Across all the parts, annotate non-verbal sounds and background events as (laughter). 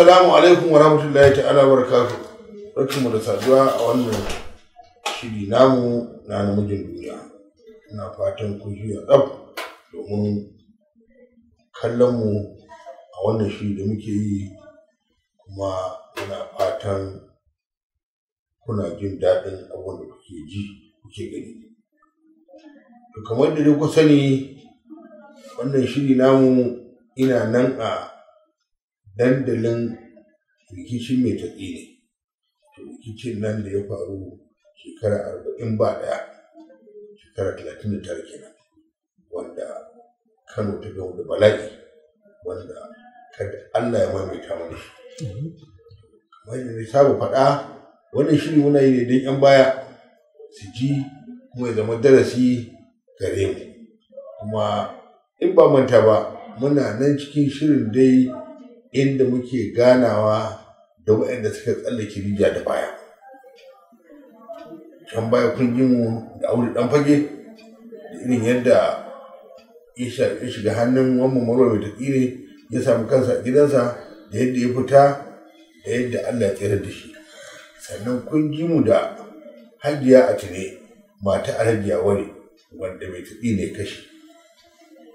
assalamu alaikum wa rahmatullahi ta'ala wa barakatuh mu da saduwa a wannan shiri namu na namijin duniya ina fatan ku yi tsaf domin kallon mu a wannan shiri da muke yi kuma ina fatan kuna jin daɗin abin da kuke ji kuke gani to kamar da dai ku sani wannan shiri namu ina nan a dandalin rikicin mai tafi ne rikicin nan da ya faru shekara arba'in ba daya shekara talatin da tara kenan wanda kano ta gama da bala'i wanda kada allah ya maimaita mana shi kamar yadda saba faɗa wannan shiri muna yi ne don yan baya su ji kuma ya zama darasi gare mu kuma in ba manta ba muna nan cikin shirin dai inda muke ganawa da waɗanda suka tsallake rijiya da baya can baya kun mu da aure dan fage da irin yadda ya shiga hannun wannan marwa ta tsire ya samu kansa a gidansa da yadda ya fita da yadda allah ya tsere da shi sannan kun mu da hajiya a tune mata a hajiya wani wanda mai taɗi ne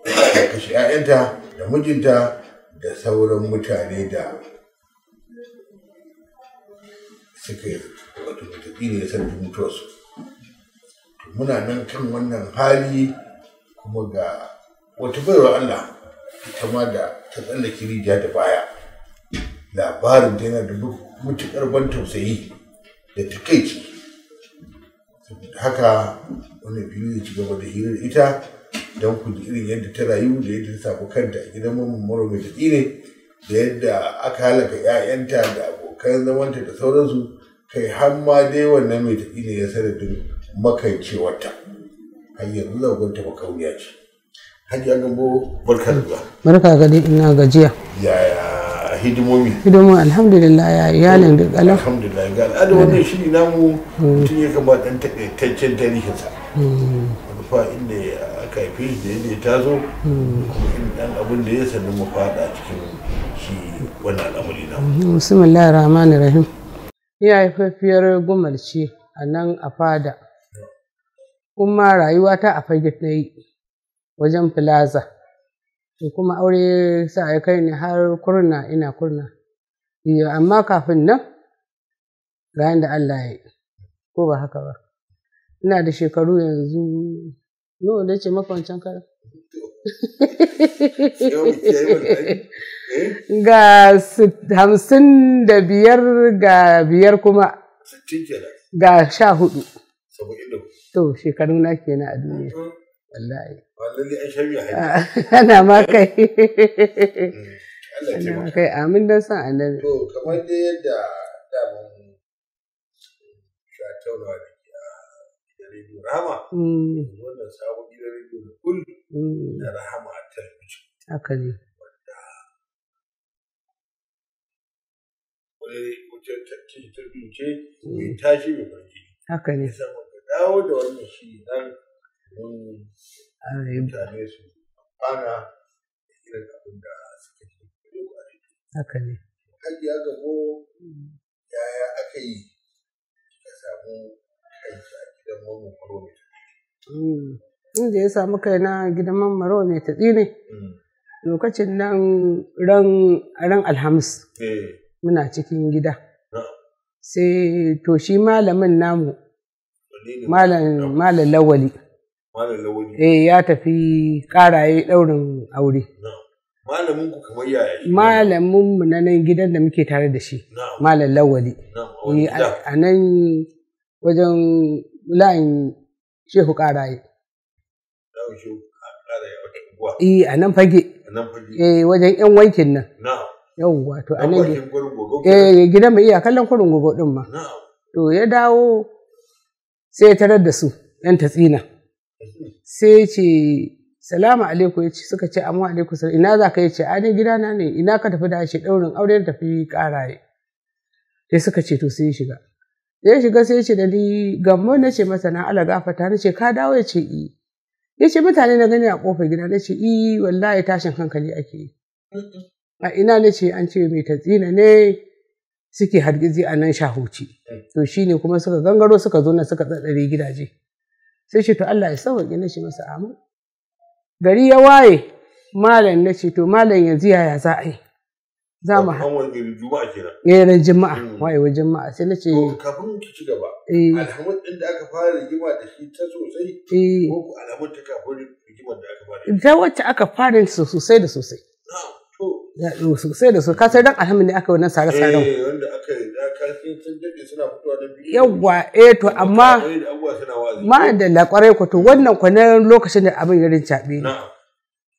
Ya kashe 'ya'yanta da mijinta da sauran mutane da suka yi wato mutakila ya sarfi mutuwarsu muna nan kan wannan hali kuma ga wata baiwa Allah ita ma da ta tsallake rijiya da baya labarin da yana da mutukar ban tausayi da takaici haka wani biyu ya ci gaba da hirar ita don ku ji irin yadda ta rayu da yadda ta sabu kanta a gidan mamman maro mai tafi ne da yadda aka halaka 'ya'yanta da abokan zamanta da sauransu kai har ma dai wannan mai tafi ne ya sanadin makancewarta hanyar yanzu ta makauniya ce hajji ya gambo barka da zuwa barka ga ina gajiya yaya hidimomi hidimomi alhamdulillah ya iyalin da kalam alhamdulillah ga al'ada wannan ne mm. namu mm. mutum ya kama dan takaitaccen tarihinsa mm. wani da ya kaifi da yadda ta zo kuma dan abin da ya sanu mu fada cikin shi wannan al'amari na bismillahir rahmanir rahim ni haifafiyar gumalci a nan a fada kuma rayuwata a fage ta yi wajen plaza to kuma aure sa ya kai ni har kurna ina kurna amma kafin nan ga da Allah ya yi ko ba haka ba ina da shekaru yanzu Nawa na ce maka wancan Ga hamsin da biyar ga biyar kuma. Ga sha hudu. To shekaru na kenan a duniya. Wallahi. Ah, (laughs) ana ma kai. Mm. (laughs) Ana ma kai amin don san annabi. rahama mm. wannan sabon gidan rediyo mm. da kul na rahama a talabijin haka ne wanda wani wajen tattalin talabijin ce mai mm. tashi mai barci haka ne saboda dawo da wannan shi nan mun mutane su fara da irin abin da suka ke koyo a rediyo haka ne hajji aka gabo yaya aka yi ka samu kai a gidan mamman maro mai hmm. taɗi. Inda ya samu kaina gidan mamman maro mai taɗi ne. Hmm. Lokacin nan ran Alhamis eh. muna cikin gida. Sai to shi malamin namu malam lawali. Malam lawali. Eh ya tafi ƙaraye ɗaurin aure. malamin ku kamar yaya malamin mu na nan gidan da muke tare da shi malam lawali a nan wajen layin shehu ƙaraye. Eh a nan fage. Eh wajen ƴan wankin nan. Yau to a nan eh gidan mai iya kallon kurin gogo ɗin ma. To ya dawo sai ya tarar da su ɗan ta tsina. Sai ce salamu alaikum ya ce suka ce amma alaikum sai ina za ka yi ce a ni gidana ne ina ka tafi da shi aure auren tafi yi. Sai suka ce to sai ya shiga. ya shiga sai ce da ni gammo na ce masa na ala gafata na ce ka dawo ya ce i ya ce mutane na gani a kofar gida na ce i wallahi tashin hankali ake yi a ina na ce an ce mai tatsina ne suke hargizi a nan shahuci to shine kuma suka gangaro suka zo na suka tsatsare gidaje sai ce to Allah ya sauƙi na ce masa amin gari ya waye malam na ce to malam yanzu yaya za a yi za mu juma'a kenan eh ran juma'a hmm. juma'a sai nace kafin ki ci gaba eh. da aka fara rigima da shi ta sosai eh. ko ta kafin rigimar da aka fara wacce aka fara sosai da sosai sosai da sosai kasar ne aka wannan sare saren eh wanda aka karfin sun dade suna fitowa da biyu yawa eh to amma ma da la ko to wannan kwanan lokacin da abin ya rincabe na'am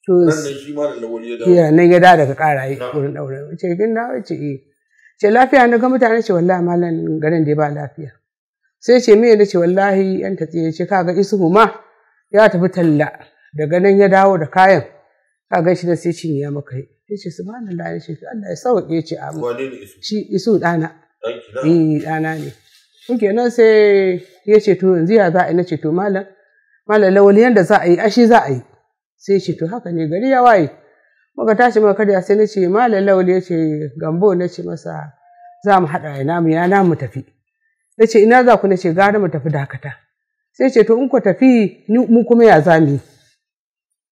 to ya nan ya da daga kara yi wurin daure ce kin na ce eh ce lafiya na ga mutane ce wallahi malam garin da ba lafiya sai ce me ce wallahi yan ta ce ce kaga isuhu ma ya tafi talla daga nan ya dawo da kayan kaga shi da sai cin ya maka ya ce subhanallah ya ce Allah ya sauke ce a amin shi isu dana eh dana ne kuke nan sai ya ce to yanzu ya za a yi na ce to malam malam lawali yanda za a yi ashi za a yi sai ce to haka ne gari ya waye muka tashi muka karya sai nace ce malam ya ce gambo na ce masa za mu haɗa ina namu ya mu tafi na ina za ku na ce gara mu tafi dakata sai ce to in ku tafi mu kuma ya za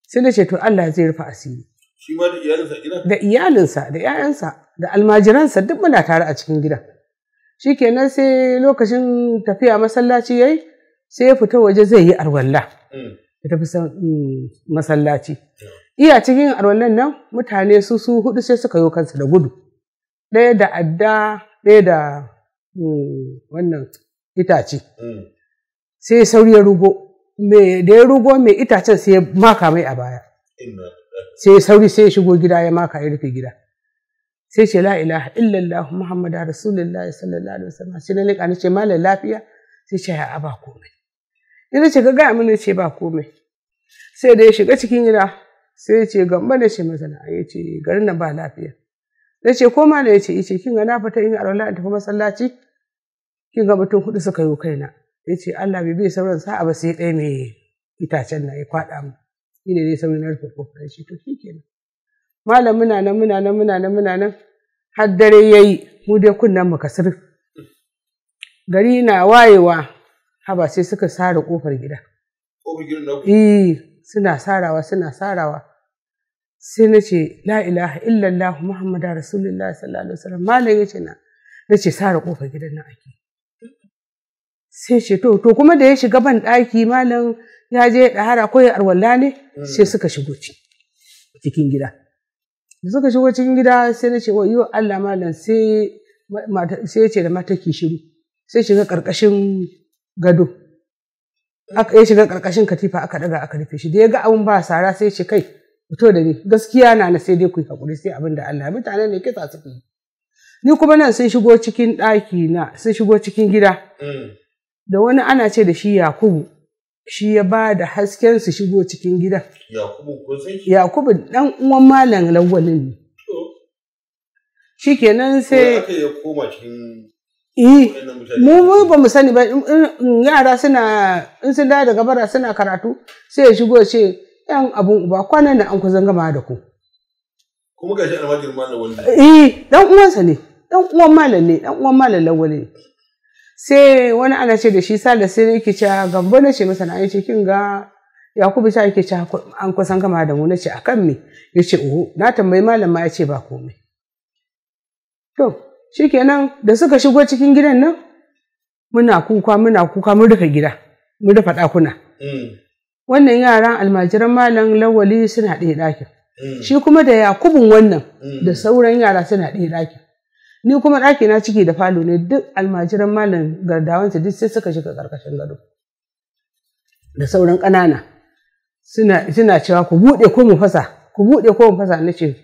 sai na to Allah zai rufe asiri shi ma da iyalinsa gidan da iyalinsa da 'ya'yansa da almajiransa duk muna tare a cikin gidan shikenan sai lokacin tafiya masallaci yayi sai ya fita waje zai yi arwalla mm. ta tafi mm, masallaci iya cikin arwallon nan mutane su su hudu sai suka yi kansu da gudu ɗaya da adda ɗaya da mm, wannan itace mm. sai sauri ya rugo da ya rugo mai itacen sai ya maka mai a baya sai sauri sai ya shigo gida ya maka ya rufe gida sai ce la ilaha illallah muhammadu rasulullahi sallallahu alaihi wasallam sai na liƙa ni ce malam lafiya sai ce ya aba komai Ina ce, gaya mini ce ba komai. Sai da ya shiga cikin gida, sai ya ce, gamba da ce mazana, ya ce, garin nan ba lafiya. Na ce, ko mana ya ce, ce, kin ga na fita in alwala in tafi masallaci? Kin ga mutum hudu suka yi kaina. Ya ce, Allah bai bai sauran sa'a ba sai ɗaya mai itacen na ya kwaɗa mu. Shi ne dai sauran na rufe kofar shi, to shi kenan. Malam muna nan muna nan muna nan muna nan. har dare ya yi mu dai kunnen mu kasir gari na wayewa haba sai suka sare kofar gida kofar eh suna sarawa suna sarawa sai na ce la ilaha illallah muhammadu rasulullah sallallahu alaihi wasallam malam yace na na ce sare kofar gidan nan ake sai ce to to kuma da ya shiga ban daki malam ya je ya ɗahara ko ya arwalla ne mm. sai suka shigo cikin gida da suka shigo cikin gida sai na ce wa yiwa Allah malam sai sai ce da mata ki shiru sai shiga ƙarƙashin gado eh. aka ya shiga karkashin katifa aka daga aka rufe shi da ya ga abun ba sara sai ce kai fito da ni gaskiya na na sai dai ku yi hakuri sai abin da Allah mutane ne kisa suka ni kuma nan sun shigo cikin daki na sun shigo cikin gida mm. da wani ana ce da shi Yakubu shi ya ba da hasken su shigo cikin gida Yakubu ko sai Yakubu dan uwan malam lawalin ne shikenan sai ya koma cikin Eh, mu ba mu sani ba yara suna in sun dawo daga bara suna karatu sai ya shigo ce yan abun uba kwanan da an kusan gama da ku kuma ga shi almajir malam wani eh dan uwansa ne dan uwan malam ne dan uwan malam lawale ne sai wani ana ce da shi sala sai yake ca, ah, gambo na ce masa na yace kin ga yakubu ta yake ca an kusan gama da mu na ce akan me yace oh na tambayi malam ma yace ba komai to shikenan da suka shigo cikin gidan nan muna kuka muna kuka mun rufe gida mun rufe ɗakuna mm. wannan yaran almajiran malam lawali suna ɗaya ɗakin mm. shi kuma da yakubun wannan mm. da sauran yara suna ɗaya ɗakin ni kuma ɗakina ciki da falo ne duk almajiran malam gardawansa duk sai suka shiga ƙarƙashin gado da sauran ƙanana suna cewa ku buɗe ko mu fasa ku buɗe ko mu fasa na ce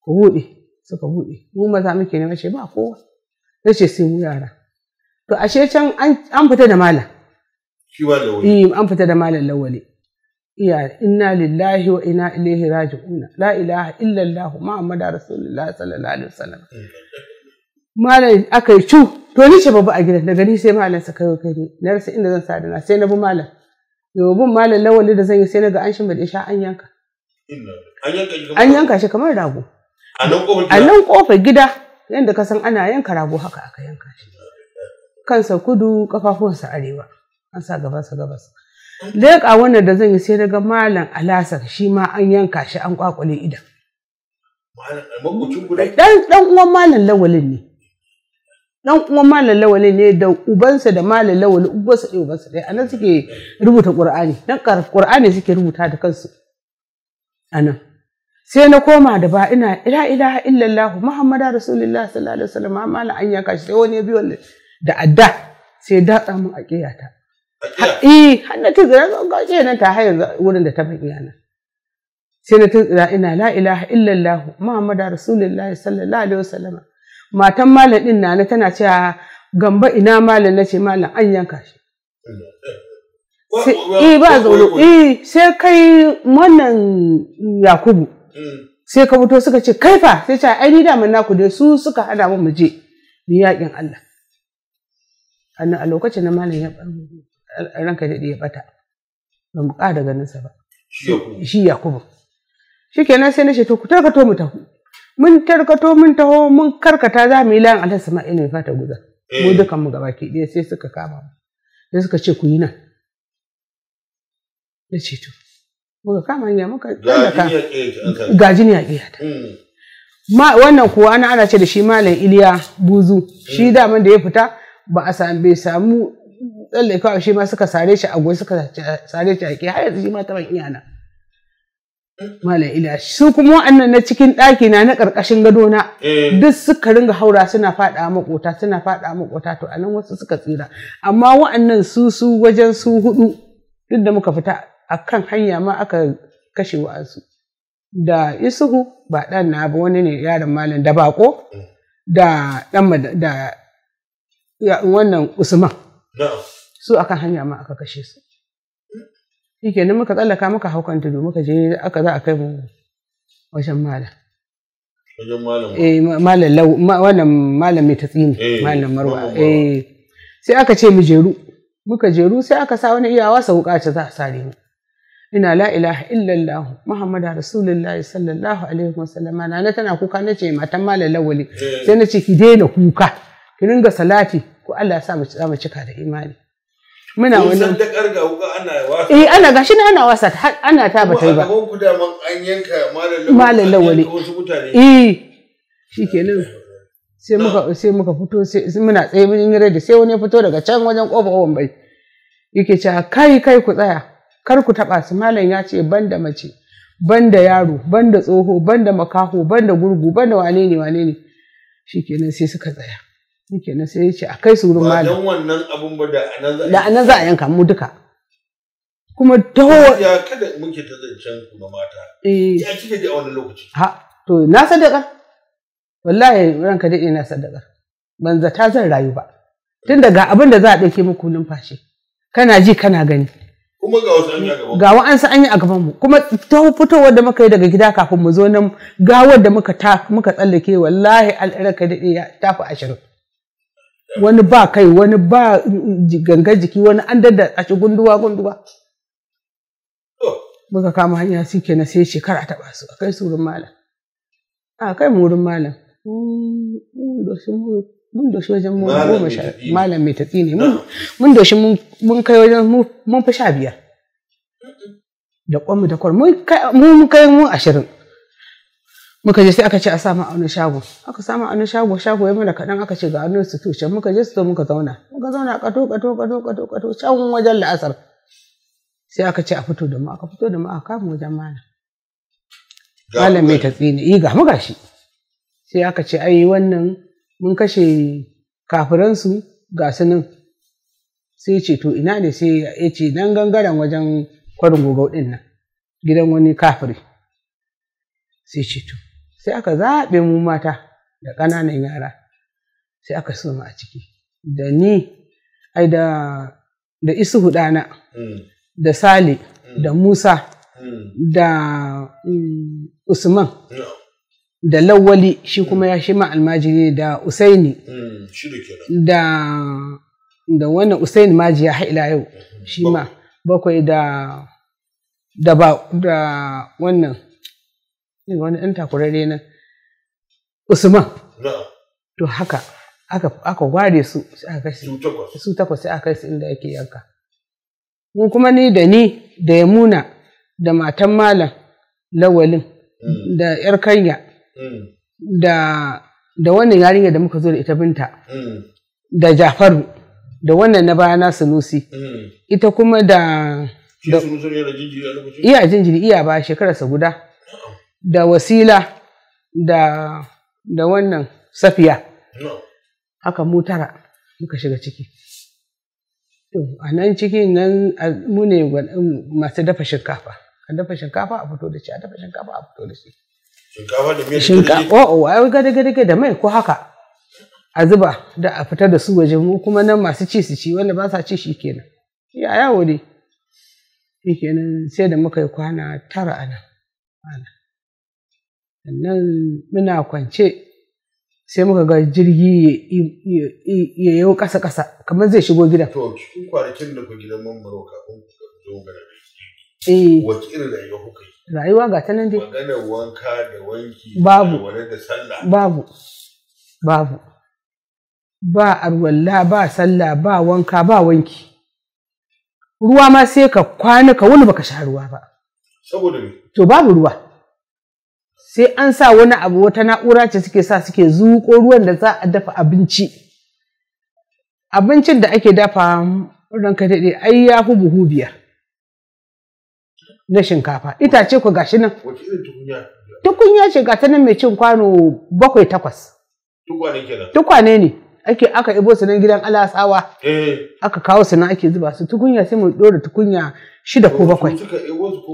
ku buɗe suka buɗe mu maza muke ne ce ba kowa na ce sai mu yara to ashe can an fita da malam shi ba wani. Eh, an fita da malam lawale iya inna lillahi wa inna ilaihi raji'un la ilaha illa allah muhammadu rasulullah sallallahu alaihi wasallam (laughs) malam aka yi cu to ni ce babu a gidan daga ni sai malam sa kai kai na rasa inda zan sadana sai na bi malam yau bin malam lawale da zan yi sai na ga an shi sha an yanka an yanka shi kamar rago a nan kofar gida yadda ka san ana yanka rago haka aka yanka shi kansa kudu kafafuwansa arewa an sa gabansa gabas leƙa wannan da zan yi sai daga malam alasa shi ma an yanka shi an kwakwale idan dan uwan malam lawalin ne dan uwan malam lawalin ne da ubansa da malam lawali ubansa ɗaya ubansa ɗaya suke rubuta qur'ani dan qur'ani suke rubuta da kansu a nan. sai na koma da ba ina ila ilaha illallah muhammadu rasulullah sallallahu alaihi wasallam amma an yanka shi sai wani ya biyo da adda sai da mun a kiyata eh har na tunzira ga ce nan ta hayan wurin da ta faɗi yana sai na tunzira ina la ilaha illallah muhammadu rasulullah sallallahu alaihi wasallam matan malam din nana tana cewa gamba ina malam nace malam an yanka shi eh ba zaune eh sai kai wannan yakubu sai ka fito suka ce kai fa sai ce ai ni mun naku dai su suka hada mu mu je mu yakin Allah annan a lokacin na malam ya ranka dadi ya bata ban buƙa da ganin sa ba shi Yakubu Shi kenan sai na ce to ku tarkato mu taho mun tarkato mun taho mun karkata za mu yi layin Allah sama ina fata guza mu eh. dukan mu gabaki ɗaya sai suka kama mu sai suka ce ku yi nan na ce to muka kama hanya muka tsallaka gajini ya hmm. ma wannan kuwa ana ana ce da shi malam iliya buzu shi hmm. daman da ya fita ba a samu bai samu tsallakawa shi ma suka sare shi a gwai suka sare shi a ƙi har yanzu shi ma taban na. malam iliya su kuma wa'annan na cikin ɗaki na na ƙarƙashin gado na eh. duk suka ringa haura suna faɗa makota suna faɗa makota to anan wasu suka tsira amma wa'annan su su wajen su hudu duk da muka fita a kan hanya ma aka kashe wa'azu da isuhu ba ɗan na ba wani ne yaron malam da bako da ɗan da wannan usman su akan hanya ma aka kashe su shike nan muka tsallaka muka haukan tudu muka je aka za a kai mu wajen malam wajen malam eh malam lau wannan malam mai tatsini eh, malam marwa eh sai aka ce mu jeru muka jeru sai aka sa wani iyawa sa wuka ce za a sare mu ina la ilaha illallah muhammad rasulullah sallallahu alaihi wasallam nana tana kuka nace matan malam lawali eh. sai nace ki daina kuka ki ringa salati ko Allah ya sa mu za mu cika da imani muna wani san dakar ga kuka ana wasa eh ana gashi na ana wasa ana ta ba tai ba ko ku da man an yanka malam lawali wasu mutane eh shikenan sai muka sai muka fito sai muna tsaye mun da sai wani ya fito daga can wajen kofar wambai. yake cewa kai kai ku tsaya kar ku taɓa su malam ya ce ban da mace ban da yaro ban da tsoho ban da makaho ban da gurgu da wane ne wane ne shikenan sai suka tsaya shikenan sai ya ce a kai su wurin malam dan wannan abun ba da anan za a yanka mu duka kuma taho ya kada muke ta zancen ku na mata eh ya kike da wannan lokaci ha to na sadaka wallahi ranka dai ina sadaka ban zata zan rayu ba tun daga abin da za a ɗauke muku numfashi kana ji kana gani kuma ga wasu an yi a gaban ga wa'ansu an yi a gaban mu kuma ta fitowar da muka yi daga gida kafin mu zo nan gawar da muka ta muka tsallake wallahi al'iraka dade ya tafi ashirin wani ba kai wani ba gangar jiki wani an dadda a ci gunduwa gunduwa muka kama hanya su ke na sai shekara ta basu a kai su wurin malam a kai mu wurin malam mun doshi wajen mun goma sha malam mai tatsi ne ah. mun doshi mun kai wajen mun fi sha biyar da kwamu da kwar mun kai mun ashirin muka je sai aka ce a sama a wani shago aka sama a wani shago shago ya mana kaɗan aka ce ga wani su can muka je su to muka zauna muka zauna kato kato kato kato kato can wajen la'asar sai aka ce a fito da mu aka fito da mu aka kama wajen mana. malam mai tatsi ne yi ga mu sai aka ce ai wannan mun kashe kafiransu ga sunan sai ce to ina ne sai ya ce nan gangaren wajen kwarin gogau din nan gidan wani kafiri sai ce to sai aka zaɓe mu mata da ƙananan yara sai aka so a ciki da ni ai da da isuhu ɗana mm. da sale mm. da musa mm. da usman da lawali shi kuma ya shi almajiri da usaini mm, da da wannan usaini maji ya haila yau shi ma bakwai da da ba da wannan wani ɗan takurare nan usman to haka aka gware su su takwas sai aka kai su inda ake yanka mun kuma ni da ni da ya muna da matan malam lawalin mm. da yar kanya da da wannan yarinyar da muka zo da ita binta da Jafaru da wannan na baya na Sanusi ita kuma da iya jinjiri iya ba shekararsa guda da wasila da da wannan safiya haka mu tara muka shiga ciki a nan cikin nan mu ne masu dafa shinkafa a dafa shinkafa a fito da shi a dafa shinkafa a fito da shi Shinkafa da miya Shinkafa, o'o, ai gada gada da mai ko haka. A zuba da a fita da su waje mu kuma nan masu ci su ci wanda ba sa ci shi kenan. Ya yawo ne. Shi kenan sai da muka yi kwana tara a nan. Sannan muna kwance sai muka ga jirgi ya yi kasa-kasa kamar zai shigo gidan. To, cikin kwanakin da ku gidan mambaro kafin ku zo ga da jirgi. Eh. Wace irin rayuwa kuka yi? rayuwa ga ta dai maganar wanka da wanki babu da sallah babu babu ba arwalla ba sallah ba wanka ba wanki ruwa ma sai ka kwana ka wani baka sha ruwa ba saboda to babu ruwa sai an sa wani abu wata na'ura ce suke sa suke zuƙo ruwan da za a dafa abinci abincin da ake dafa ranka daɗe ai ya fi buhu biyar na shinkafa itace ku gashi nan tukunya ce ga nan mai cin kwano bakwai takwas tukwane ne ake aka ibo su nan gidan tsawa eh. aka kawo su nan ake zuba su tukunya sai mu dora tukunya shida ko bakwai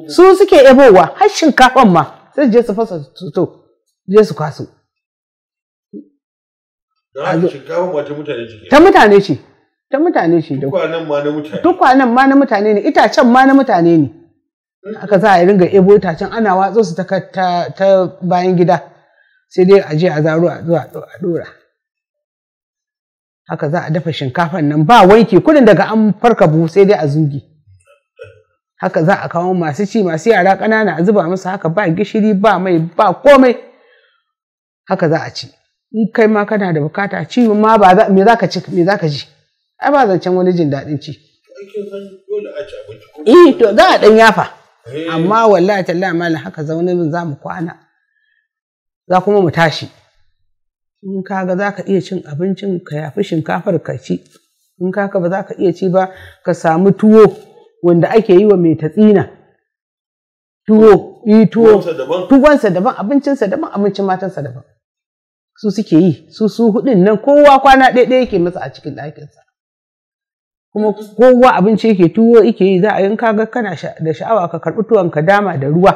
su suke ebowa har shinkafan ma sai je su fasa su to je su kwaso ta mutane ce ta mutane ce tukwanen ma na mutane ne itacen ma na mutane ne in aka za a ringa ebo can ana watsa su ta bayan gida sai dai a je a zaro a zuwa a dora haka za a dafa shinkafan nan ba wanki kudin daga an farka buhu sai dai a zugi haka za a kawo masu ci masu yara ƙanana a zuba musu haka ba gishiri ba mai ba komai haka za a ci in kai ma kana da bukata ci ma ba me za ka ci me za ka ji ai ba zancen wani jin daɗin ci eh to za a ɗan yafa Eh. amma wallahi tallahi malam haka zaune za mu kwana za kuma mu tashi in kaga za ka iya cin abincin ka yafi shinkafar ka ci in kaka ba za ka iya ci ba ka samu tuwo wanda ake yi wa mai tatsina tuwo yi tuwo tuwonsa daban abincinsa daban abincin matansa daban su suke yi su su hudun nan kowa kwana ɗaya yake masa a cikin ɗakinsa kuma kowa abinci yake tuwo yake yi za a yanka ga kana da sha'awa ka karɓi tuwon ka dama da ruwa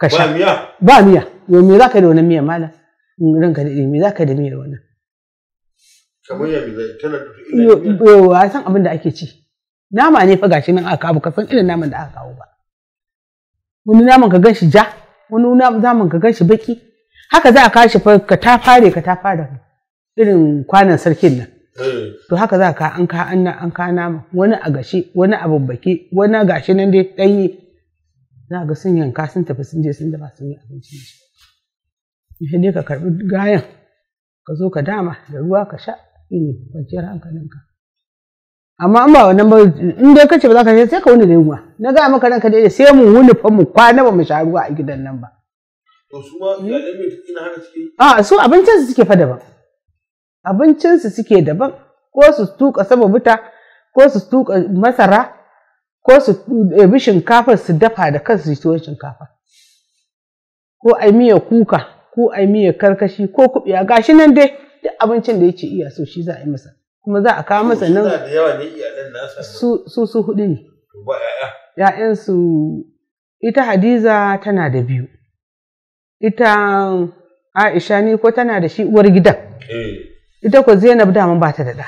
ka sha ba miya yo me ka da wannan miya malam in ranka ka me zaka da miyar wannan kamar ya bizai tana yo san abin da ake ci nama ne fa gashi nan aka kawo ka san irin naman da aka kawo ba wani naman ka ganshi ja wani naman ka ganshi baki haka za a kawo shi fa ka ta fare ka ta fare irin kwanan sarkin nan Eh. to haka za ka an ka an an ka nama wani a gashi wani a babbake wani a gashi nan dai danyi za ga sun yanka sun tafi sun je sun ba sun yi abinci shi ne ka karɓi gayan ka zo ka dama da ruwa ka sha ne kwanciyar hankalinka amma an ba nan ba in dai kace ba za ka je sai ka wuni da yunwa na ga maka ranka dai sai mu wuni fa mu kwana ba mu sha ruwa a gidan nan ba to su ma iyalan mai haka suke a su abincin su suke fa daban abincinsu suke daban ko su tuka sama buta ko su tuka masara ko su ɗebi shinkafar su dafa da kansu su shinkafa ko ai miya kuka ko ai miya karkashi ko kuɓiya gashi nan dai duk abincin da yake iya so shi za a yi masa kuma za a kawo masa nan su su hudu ne ‘ya'yansu ita hadiza tana da biyu ita aisha ni ko tana da shi uwar gidan eh. ita ko Zainab daman ba ta da ɗa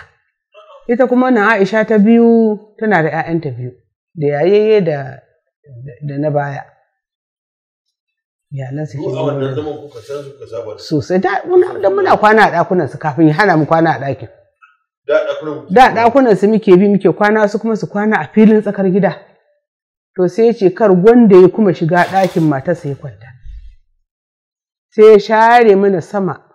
ita kuma na Aisha ta biyu tana da ‘ya'yanta biyu da yayaye da da na baya iyalan su ke sosai da muna kwana a ɗakunan su kafin ya hana mu kwana a ɗakin da ɗakunan su muke bi muke kwana su kuma su kwana a filin tsakar gida to sai ya ce kar gwanda ya kuma shiga ɗakin matarsa ya kwanta sai ya share mana sama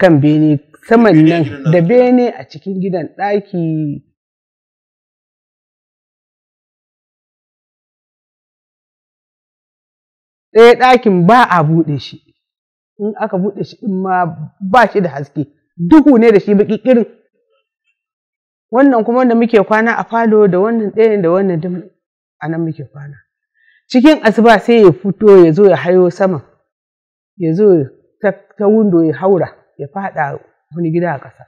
kan bene saman nan da bene a cikin gidan ɗaki ɗaya ɗakin ba a buɗe shi in aka buɗe shi in ma ba shi da haske duhu ne da shi baƙi irin wannan kuma wanda muke kwana a falo da wannan ɗayan da wannan duk a nan muke kwana cikin asuba sai ya fito ya zo ya hayo sama ya zo ta windo ya haura ya fada wani gida a ƙasa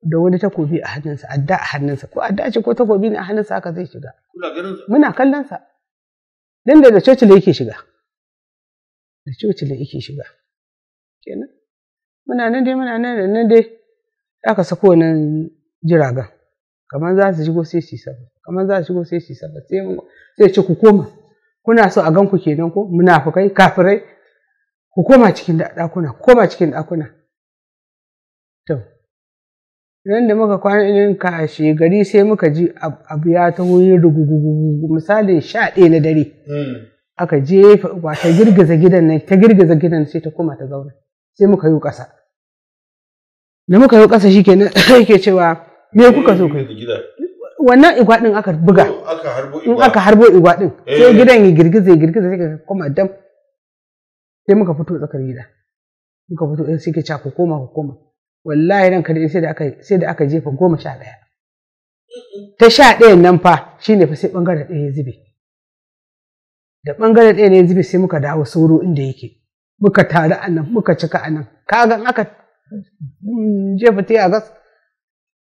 da wani takobi a hannunsa adda a hannunsa ko adda ce ko takobi ne a hannunsa haka zai shiga muna kallon sa dan da cocila yake shiga da cocila yake shiga kenan muna nan dai muna nan da nan dai aka sako nan jiragen kamar za su shigo sai su saba kamar za su shigo sai su saba sai sai ce ku koma kuna so a gan ku kenan ko munafukai kafirai ku koma cikin ɗakuna koma cikin ɗakuna to nan da muka kwana irin kashe gari sai muka ji abu ya ta yin rugugugugu misalin sha ɗaya na dare hmm. aka jefa ba ta girgiza gidan nan ta girgiza gidan sai ta koma ta zauna sai muka yi ƙasa da muka yi ƙasa shikenan (coughs) yake cewa me kuka so kai wannan igwa din aka buga in aka harbo igwa din sai eh. gidan ya girgiza ya girgiza sai ka koma dam sai muka fito tsakar gida muka fito eh, sai suke ca ku koma ku koma wallahi nan kadai sai da aka sai da aka jefa goma sha ɗaya ta sha ɗaya nan fa shine fa sai bangare ɗaya ya zube da bangare ɗaya ne ya zube sai muka dawo sauro inda yake muka taru a nan muka cika a nan kaga ga aka mm, jefa ta a gas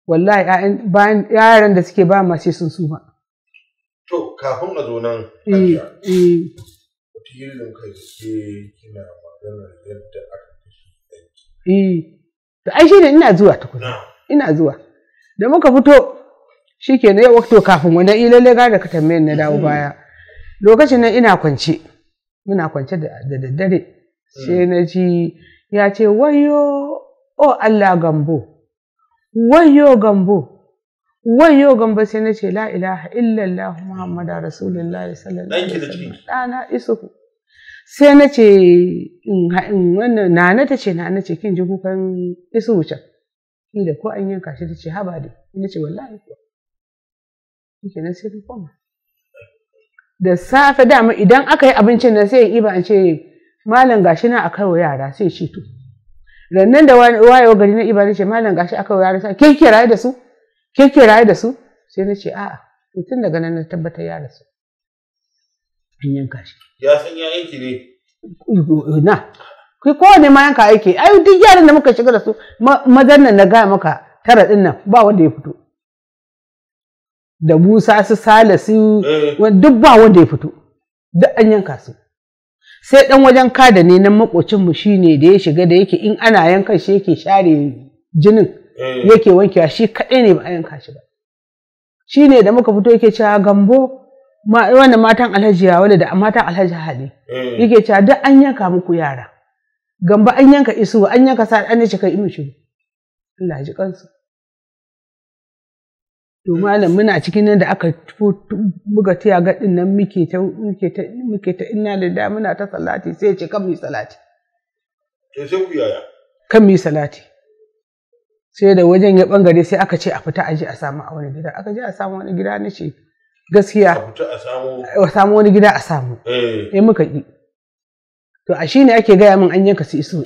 wallahi bayan yaran da suke ba ma sai sun suma to kafin a zo nan eh, eh. kila ka ce kina magana yadda aka kashe ɗanki. Eh, to ai shine ina zuwa tukuna. Ina zuwa. Da muka fito shi ke na yau kafin wani ilalle gara ka tambayin na dawo baya. Lokacin nan ina kwance, muna kwance da daddare. Sai na ji ya ce wayo o Allah gambo, wayo gambo. wayo gambo sai na ce la ilaha illallah muhammadu rasulullah sallallahu alaihi wasallam ɗana isuhu sai na ce wannan na ta ce na ce kin ji kukan isu wuce ni da ko an yanka shi ta ce haba da na ce wallahi ko yake na sai ta koma da safe dama idan aka yi abincin da sai iba an ce malam gashi na akai wa yara sai ce to rannan da wayewa gari na iba ce malam gashi akai wa yara sai ke ke raye da su ke ke raye da su sai na ce a'a mutum daga nan na tabbatar ya rasu an yanka shi ya san ya ne na kai ma yanka aiki ai duk yaran da muka shiga da su mazan nan na gaya maka tara din nan ba wanda ya fito da Musa su sala su eh. duk ba wanda ya fito duk an yanka su sai dan wajen kada ne nan makocin mu shine da ya shiga da yake in ana yankan shi yake share jinin eh. yake wankewa shi kaɗai ne ba a yanka shi ba shine da muka fito yake cewa gambo wannan matan alhaji ya wale da matan alhaji hali eh. yake cewa duk an yanka muku yara gamba an yanka isu an yanka sa an yace kai imishi Allah ji kansu to malam muna cikin nan da aka buga tiya ga din nan muke ta muke ta muke ta inna lillahi muna ta salati sai ce kan mi salati to sai ku yaya kan mi salati sai da wajen ya bangare sai aka ce a fita aje a samu a wani gida aka je a samu wani gida na ce gaskiya a samu wani gida a samu eh muka ɗi. to a shine ake gaya min an yanka su isu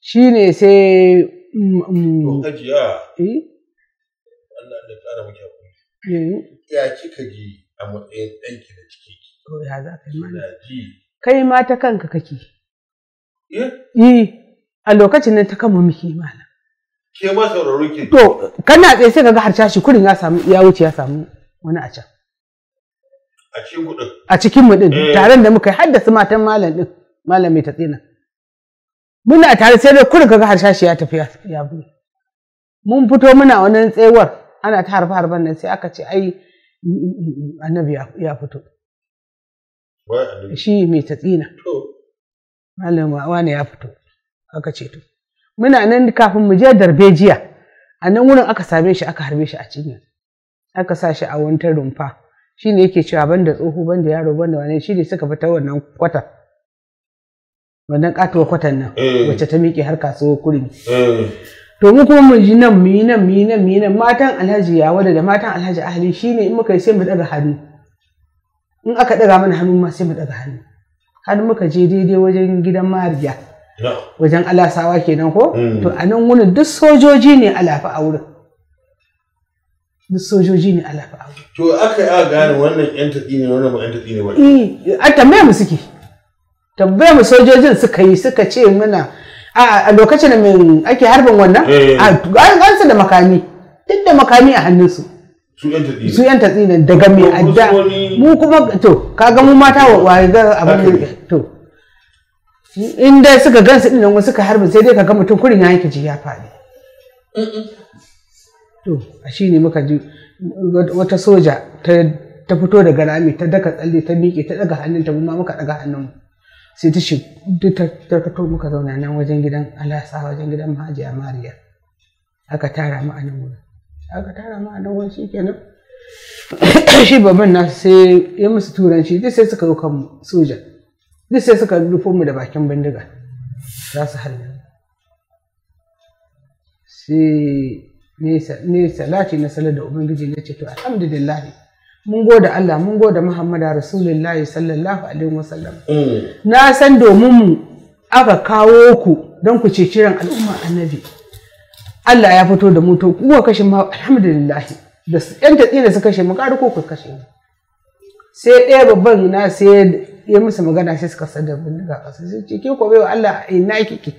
shine sai mm, mm. to ajiya eh? eh ya kika ji a matsayin da ciki kai ma ta kanka kake eh, eh a lokacin nan ta ke ma to tsaye sai kaga kurin ya samu ya ya samu wani a can a cikin kudin a cikin mu eh. taron da muka yi haddasa matan malam din malam mai tatsina muna tare sai dai kurin kaga harshashi ya tafi ya bi mun fito muna wani tsayuwar ana ta harfa harban nan sai aka ce ai annabi ya fito shi mai tatsina malam wane ya fito aka ce to muna nan kafin mu je darbejiya a nan wurin aka same shi aka harbe shi a cikin aka sa shi a wata rumfa shi ne yake cewa ban da tsoho ban da yaro ban da wani shi ne suka fita wannan kwata wannan katuwa kwatan nan eh. wacce ta miƙe har kasuwar kurmi eh. to mu kuma mu ji nan mu yi nan mu yi nan mu yi nan matan alhaji ya wada da matan alhaji ahli shi ne in muka yi sai mu ɗaga hannu in aka ɗaga mana hannu ma sai mu ɗaga hannu har muka je daidai wajen gidan mariya wajen alasawa kenan ko hmm. to a nan wani duk sojoji ne alafa a wurin duk sojoji ne alafa abu. To aka yi gane wannan yan taɗi ne wannan ba yan taɗi ne ba. Eh, a tambaya mu suke. Tambaya mu sojojin suka yi suka ce mana a lokacin da min ake harbin wannan eh, eh. a su da makami duk da makami a hannunsu. Su yan taɗi ne. Su yan taɗi ne daga mai adda. Mu kuma to kaga mu mata wa ga abin to. In dai suka su ɗin nan suka harbin sai dai ka ga mutum kurin ya yanke ji ya faɗi. to shi ne muka ji wata soja ta fito daga rami ta daka tsalle ta miƙe ta daga hannun ta kuma muka daga hannun sai ta shi ta fito muka zauna nan wajen gidan alasa wajen gidan mahajiya mariya aka tara mu a nan wurin aka tara mu a nan wurin shi kenan (coughs) shi babban na sai ya musu turanci duk sai suka rukan mu soja duk sai suka rufo mu da bakin bindiga za su halin sai ne salati na salar da ubangiji na ce to alhamdulillah mun gode Allah mun gode Muhammadu Rasulullah sallallahu alaihi wasallam mm. na san domin mu aka kawo ku don ku ce kiran al'umma annabi Allah ya fito da mu to kuwa kashe ma alhamdulillah da yan tatsi da suka kashe mu ko ku kashe mu sai ɗaya babban na sai ya musu magana sai suka sadar bindiga ƙasa sai ce ke ko wa Allah ina kike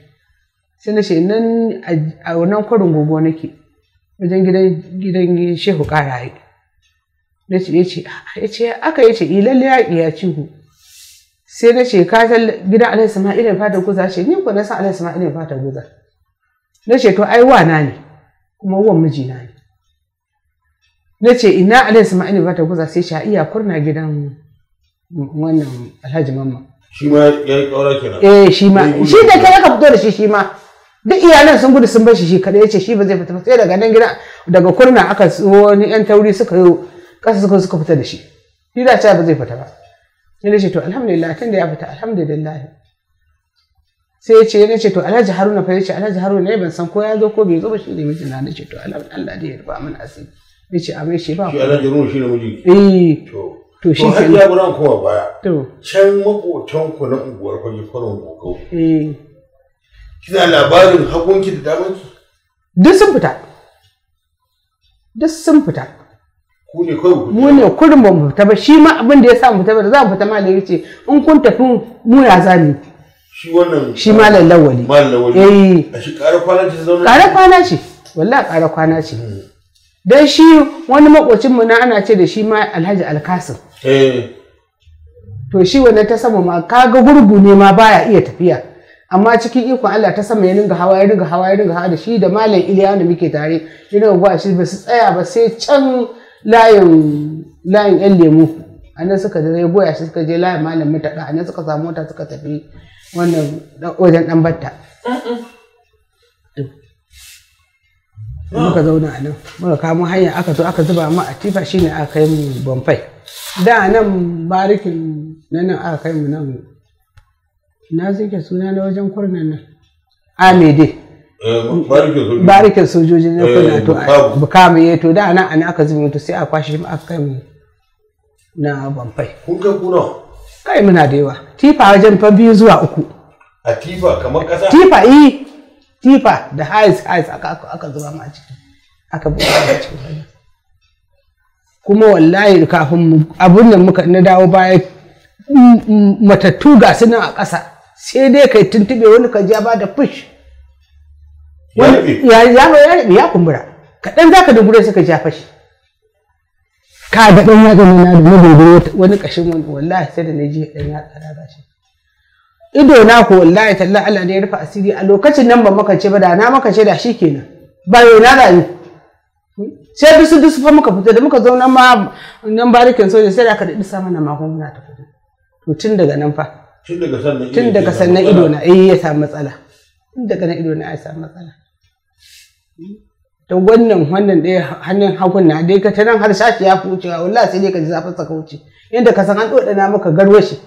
sai na ce nan a wannan kwarin gogo nake wajen gidan gidan shehu karaye na ce yace yace aka yace ilalle ya iya eh, cihu sai na ce ka san gidan alai sama'ila fata guza ce ni ko na san alai sama'ila fata guza na ce to ai wana ne kuma miji mijina ne na ce ina alai sama'ila fata guza sai ce iya kurna gidan wannan alhaji mamman shi ma ya yi ƙaura kenan eh shi ma shi da kai ka fito da shi shi ma duk iyalan sun gudu sun bar shi shi ya yace shi ba zai fita ba sai daga nan gida daga kurna aka wani yan tauri suka yi kasa suka suka fita da shi shi da ba zai fita ba sai ce to alhamdulillah tun da ya fita alhamdulillah sai ya ce ya ce to alhaji haruna fa ya ce alhaji haruna ne ban san ko ya zo ko bai zo ba shi ne miji na ce to alhamdulillah dai ya ba min asiri ya ce amai shi ba shi alhaji haruna shi ne miji eh to shi ke ya buran kowa baya to can makotan ku na unguwar ku ne kwarin gogau eh kina labarin hagunki da damanki duk sun fita duk sun fita ku ne kawai mu ne kurin ba mu fita ba shi ma abin da ya sa mu fita ba da za mu fita ma ce yace in kun tafi mu ya zani shi wannan shi ma lallawali lawali eh a shi ƙara kwana ce zauna ƙara kwana ce wallahi ƙara kwana ce hmm. dan shi wani makocin mu na ana ce da shi ma Alhaji Alkasim eh to shi wannan ta sama ma kaga gurgu ne ma baya iya tafiya amma cikin ikon Allah ta sama ya dinga hawa ya dinga hawa ya dinga hawa da shi da malam Iliya da muke tare ya dinga shi ba su tsaya ba sai can layin layin yan lemu a nan suka je goya shi suka je layin malam mutaka a nan suka samu mota suka tafi wannan wajen dan batta muka zauna a nan muka kamo hanya aka zo aka zuba mu a tifa shine aka kai mu bamfai da nan barikin nan aka kai mu nan na zike suna na wajen kurnan nan Amide, ah, eh, barikin sojoji na eh, kuna to bukamu ya eh, to da nan ana aka zubi mutu sai a kwashe shi aka kai na bamfai kun kai kuna kai muna da yawa tifa wajen fa biyu zuwa uku a tifa kamar kasa tifa eh tifa da hais hais aka aka zuba mu a ciki aka buga a ciki kuma wallahi kafin abin nan muka na dawo baya matattu ga su nan a ƙasa sai dai kai tuntube wani ka ja da push ya ya kumbura kaɗan za ka dubure suka ja fashi ka da ɗan magani na da mabudu wani ƙashin wani wallahi sai da na dan ya tsara ba shi ido na ko wallahi talla Allah ne ya rufe asiri a lokacin nan ba maka ce ba da na maka ce da shi kenan ba yau na rayu sai dusu dusu fa muka fita da muka zo nan ma nan barikin soja sai da ka daɗi sa mana magunguna ta fito to tun daga nan fa tun daga sannan ido na eh ya samu matsala tun daga na ido na ya samu matsala to wannan wannan ɗaya hannun hagun na dai ka ta nan har sashi ya fucewa wallahi sai dai ka ji zafin sa wuce. yadda ka san an dodana maka shi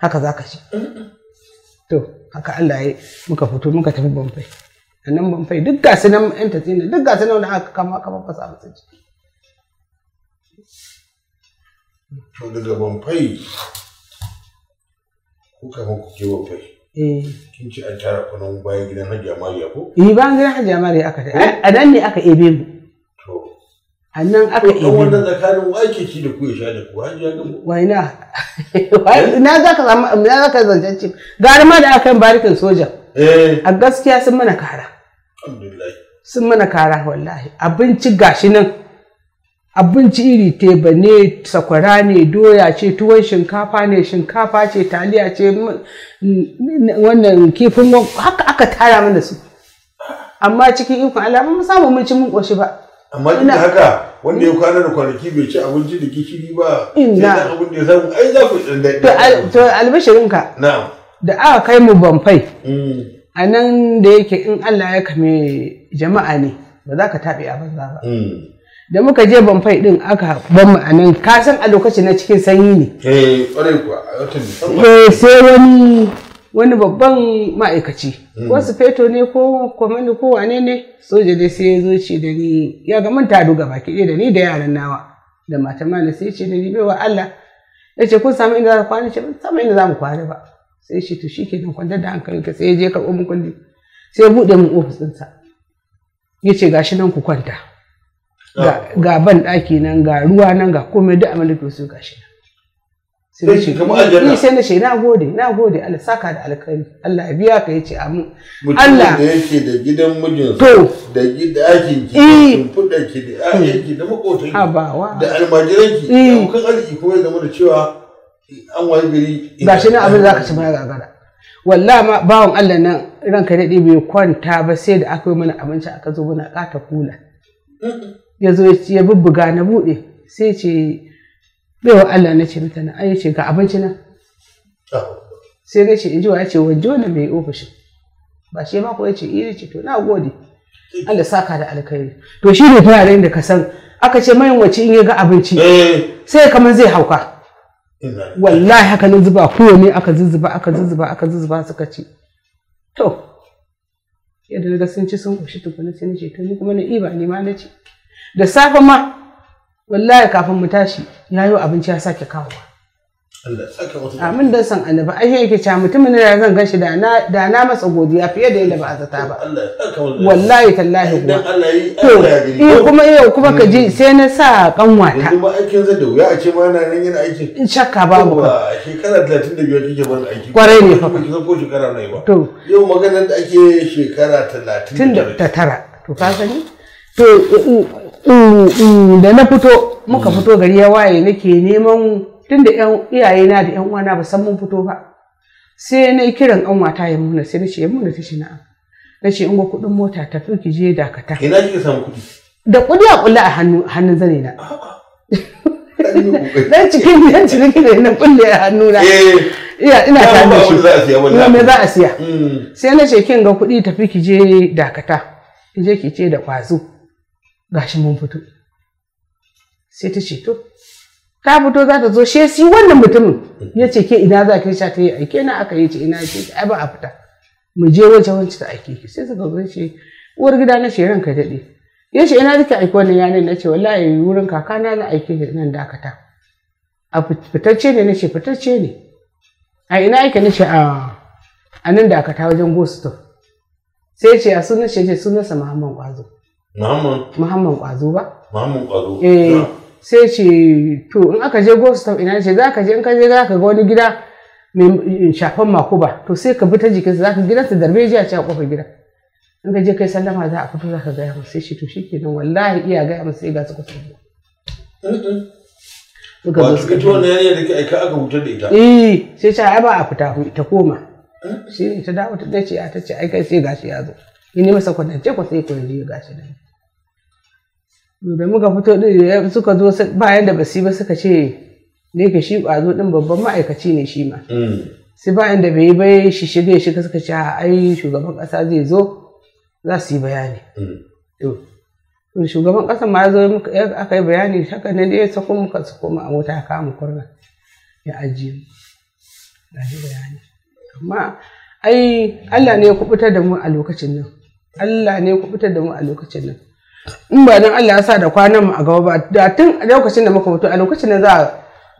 haka za ka ci to haka Allah ya muka fito muka tafi bamfai a nan bamfai duk su nan yan na, duk su nan wani haka kama kama ka samu ci. To daga bamfai kuka muku kewa fai eh. kin ci an tara kwanan bayan gidan hajiya mariya ko eh bayan gidan hajiya mariya aka eh. a nan ne aka ebe mu a nan aka ebe mu wannan wa wake ci da ku ya sha da ku hajiya gamu wai na (laughs) na za ka na za ka zancen ci da aka yin barikin soja eh. a gaskiya sun mana kara sun mana kara wallahi abinci gashi nan abinci iri teba ne sakwara ne doya ce tuwon shinkafa ne shinkafa ce taliya ce wannan kifin haka aka tara mana su amma cikin ikon Allah mun samu mun ci mun koshi ba amma duk da haka wanda ya kwana da kwanaki bai ci abinci da gishiri ba sai da abin da ya samu ai za ku dan daɗi to albashirin ka na'am da aka kai mu bamfai mm. a nan da yake in Allah ya kame jama'a ne ba za ka taɓe a banza ba mm. da muka je banfai din aka ban mu anan ka san a lokacin na cikin sanyi ne eh eh sai wani wani babban ma'aikaci hmm. wasu feto ne ko kwamani ko wane ne soja dai sai ya zo ce da ni ya ga mun taro gaba ki da ni da yaran nawa da mata mana sai ce da ni wa Allah ya ce kun samu inda za ku kwana ce ban samu inda za mu kwana ba sai shi to shikenan kwanta da hankali. Ka sai ya je karɓo mun kulli sai ya buɗe mun ofisinsa. ya ce gashi nan ku kwanta ga ban ɗaki nan ga ruwa nan ga komai duk abin da ke so gashi sai ce kamar aljanna ni sai na ce na gode na gode Allah saka da alkhairi Allah biya ka yace amin Allah da yake da gidan mijin to da gidakin ki sun fuda eh. ki da ayyanki da makotan ki da almajiran ki da mukan eh. arziki kuma zama da cewa an wayi gari gashi na abin zaka ci ma gagara wallahi ma bawon Allah nan ranka dade bai kwanta ba sai da aka yi mana abinci aka zo mana kata kula ya zo ya bubbuga na buɗe sai ce bai wa Allah na ce mata na ai ce ga abinci ah. na sai ga ce inji wa ya ce wajo na mai ofishin ba shi ma ko ya ce iri eh, ce to na gode Allah saka da alkhairi to shi ne fara da ka san aka ce mayan wace in ya ga abinci eh. sai kamar zai hauka wallahi haka na zuba ne aka zuzzuba aka zuzzuba aka zuzzuba suka ci to yadda na ga sun ci sun ƙoshi tukuna sai na ce to ni kuma na iba ne ma na ci da safe ma wallahi kafin mu tashi na yi abinci ya sake kawowa amin da san annabi ai shi yake cewa mutumin da zan ganshi da na da na masa godiya fiye da yadda ba a zata ba wallahi tallahi kuma to kuma yau kuma ka ji sai na sa kanwa ta. kuma aikin zai da wuya a ce ma na nan yana aiki shakka babu ba shekara 35 kike ban aiki kwarai ne fa kike ko shekara nawa ba to yau maganar da ake shekara 39 to ka sani? to Mm, mm, da na fito muka fito gari ya waye nake neman tun da yan iyaye na da yan uwana ba san mun fito ba sai na kiran an wata ya muna sai na ce ya muna ta ce na ce in ga kuɗin mota tafi ki je dakata ina kike samu kuɗi da kudi a kulla a hannun zane na dan cikin yan ciniki da na kulle a Eh, iya ina ta da shi na me za a siya mm. sai na ce kin ga kuɗi tafi ki je dakata ki je ki ce da kwazo gashi mun fito sai ta ce to ta fito za ta zo she si wannan mutumin ya ce ke ina za ki sha ta yi aike na aka yi ce ina ce ai ba a fita mu je wace wance ta aike ki sai suka zo ce uwar gida na ce ka daɗe ya ce ina zaki aiki wannan yanin na ce wallahi wurin kakana na aike ki nan dakata a fitacce ne na ce fitacce ne a ina aike na ce a nan dakata wajen go stop sai ce a sunan ce sa Muhammad Kwazo Muhammad Kwazo ba. Muhammad Kwazo. Eh sai ce to in aka je Gostam ina ce za ka je in ka je za ka ga wani gida mai eh, shafan makuba to sai ka bi ta jikinsa za ka gidansa darbejiya ji a kofar gida. In ka je kai sallama za a fito za ka gaya masa sai shi to shikenan wallahi iya gaya masa sai ga su kusa. Suka zo ci wannan yanayi da ke aka wutar da ita. Eh sai ce ai ba a fita ta koma. Shi ta dawo ta ce a ta ce ai kai sai gashi ya zo. ne masa kwatance ko sai ko ya gashi ni. da muka fito din eh, suka zo bayan da basi ba suka ce ne ka shi ƙwazo din babban ma'aikaci ne shi ma hmm. sai bayan da bai bai shi shiga shi suka ce ai shugaban ƙasa zai zo za su yi bayani hmm. shugaban ƙasa ma zo aka yi bayani haka ne da ya sako muka su koma a mota kama kurna ya ajiye mu ga bayani amma ai Allah ne ya kubutar da mu a lokacin nan Allah ne ya kubutar da mu a lokacin nan in ba don Allah ya sa da kwanan mu a gaba ba da tun a lokacin da muka mutu a lokacin da za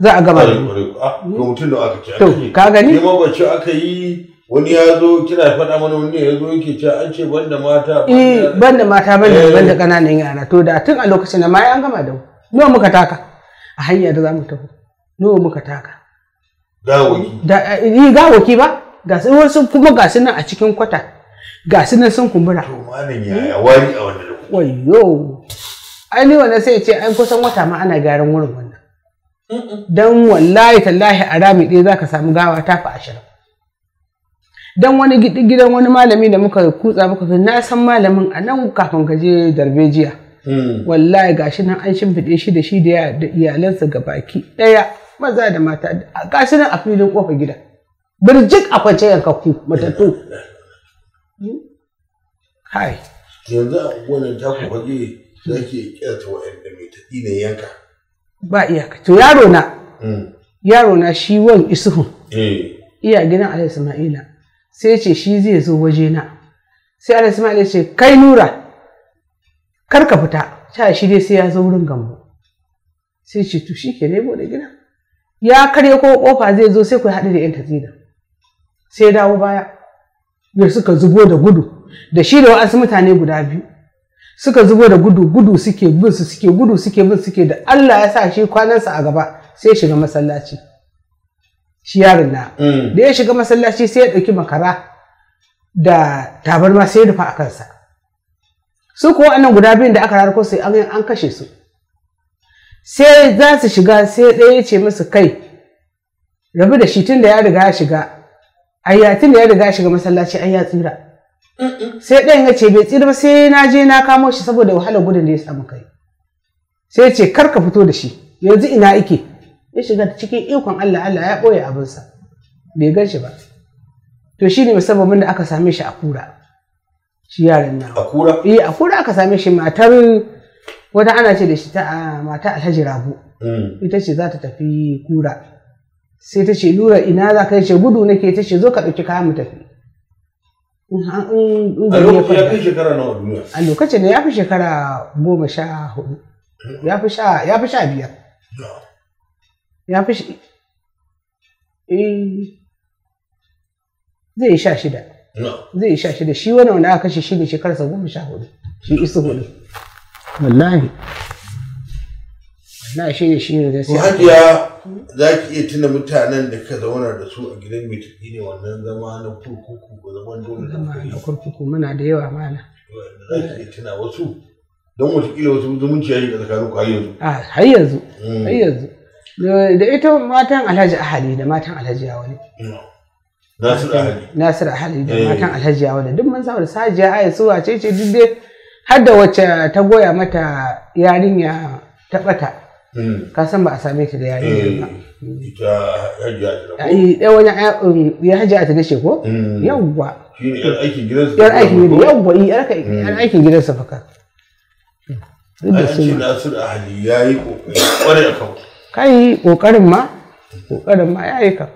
za a gama ah, to mutum da aka ce to ka gani ne ba ce aka yi wani ya zo kina faɗa mana wani ya zo yake cewa an ce banda mata eh banda mata banda eh. banda kananan yara to da tun a lokacin da ma an gama da mu nawa muka taka a hanya da zamu tafi nawa muka taka gawoki da yi eh, eh, gawoki ba ga wasu kuma ga su nan a cikin kwata ga nan sun kumbura to malam yaya wari a wannan wayo ai ni wannan sai ya ce an kusan wata ma ana gyaran wurin wannan dan wallahi tallahi a rami ɗaya zaka samu gawa ta fa ashirin dan wani gidan wani malami da muka kutsa muka fi na san malamin a nan kafin ka je darbejiya mm. wallahi gashi nan an shimfiɗe shi da shi da iyalansa ga baki ɗaya maza da mata gashi nan a filin kofar gida birjik a kwance yankakku matattu (laughs) yanzu a wannan taku fage za ki kyata wa'anda mai taɗi ne yanka ba iyaka to yaro na hmm. yaro na shi wan isuhu eh. iya gina alai isma'ila sai ce shi zai zo waje na sai alai isma'ila ce kai nura kar ka fita ta shi dai sai ya zo wurin gambo sai ce to shi ke lebo da gidan ya karye ko kofa zai zo sai ku haɗu da yan tazina sai dawo baya ya suka zubo da gudu da shi da wa'ansu mutane guda biyu suka zubo da gudu gudu suke bin su suke gudu suke bin suke da Allah ya sa shi kwanansa a gaba sai ya shiga masallaci shi yarin na mm. da ya shiga masallaci sai ya ɗauki makara da tabarma sai ya rufa a kansa su kuwa wannan guda biyun da aka rarko sai an an kashe su sai za su shiga sai ɗaya ya ce musu kai rabu da shi tun da ya riga ya shiga ayyatin da ya riga ya shiga masallaci an ya tsira sai ɗayan ya ce bai tsira ba sai na je na kamo shi saboda wahalar gudun da ya samu kai sai ce kar ka fito da shi yanzu ina ike ya shiga cikin ikon Allah Allah ya ɓoye abinsa bai gan shi ba to shine musabbabin da aka same shi a kura shi yaran na a kura eh a kura aka same shi matar wata ana ce da shi ta mata Alhaji Rabu mm. ita ce za ta tafi kura sai ta ce lura ina za ka ce gudu nake ta ce zo ka ɗauki kayan mu tafi a lokacin ya da ya fi shekara goma sha hudu ya fi sha biyar ya fi eh, zai yi sha shida zai yi sha shida shi wani wanda aka kashe shi ne shekarsa goma sha hudu shi isa hudu wallahi na shi ne shi ne gaskiya hajiya za ki iya tuna mutanen da ka zauna da su a gidan mai tafi ne wannan zama na kurkuku ko zaman dole zama na kurkuku muna da yawa mana za ki iya tuna wasu don watakila wasu zumunci ya yi da tsakanin ku har yanzu har yanzu mm. har yanzu da ita matan alhaji ahali da matan alhaji yawani mm. Nasir Ahali. Nasir Ahali da eh. matan Alhaji Yawani. duk mun samu da Sajiya Aya su wace ce duk dai har da wacce ta goya mata yarinya ta bata Hmm. ka san ba a same ta da yayi ba hmm. ita hajiya eh, eh, wani eh, um, ya hajiya ta dace ko hmm. yawwa shi ne aikin gidansa yar aikin gidansa yawwa yar aikin gidansa faka duk da sun Nasir Ahli ya yi kokari kwarai kai kokarin ma kokarin ma ya yi ka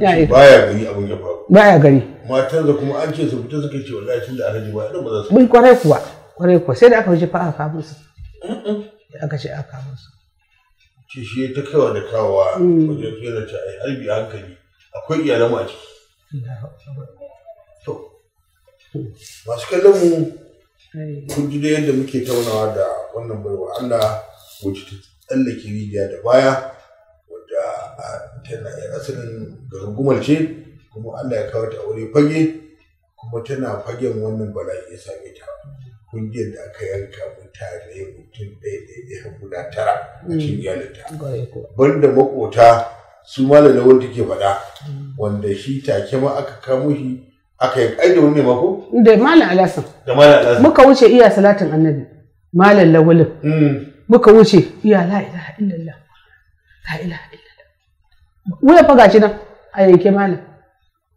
ya baya gari abun ya faru baya gari matar da kuma an ce su fita suka ce wallahi tun da alhaji ba ba za su bai kwarai kuwa kwarai kuwa sai da aka wuce fa aka kawo musu aka ce aka kawo musu Shi shi ya ta kaiwa da kawowa mm. wajen yana ta, a harbi a hankali akwai iyalan mu a ciki to masu kallon mu kun ji yadda muke taunawa da wannan baiwa Allah wacce ta tsallake rijiya da baya wadda tana yar asalin gargumar ce kuma Allah ya kawo ta aure fage kuma tana fagen wannan bala'i ya same ta kungiyar da aka yanka mutane mutum ɗaya ɗaya har guda tara a mm. cikin iyalinta banda makota su malala wanda ke faɗa mm. wanda shi take ma aka kamo shi aka yi ai da wani mako da malam alasan da malam alasan muka wuce iya salatin annabi malam lawalin mm. muka wuce iya la ilaha illallah la ilaha illallah wuya fa gashi nan a yanke malam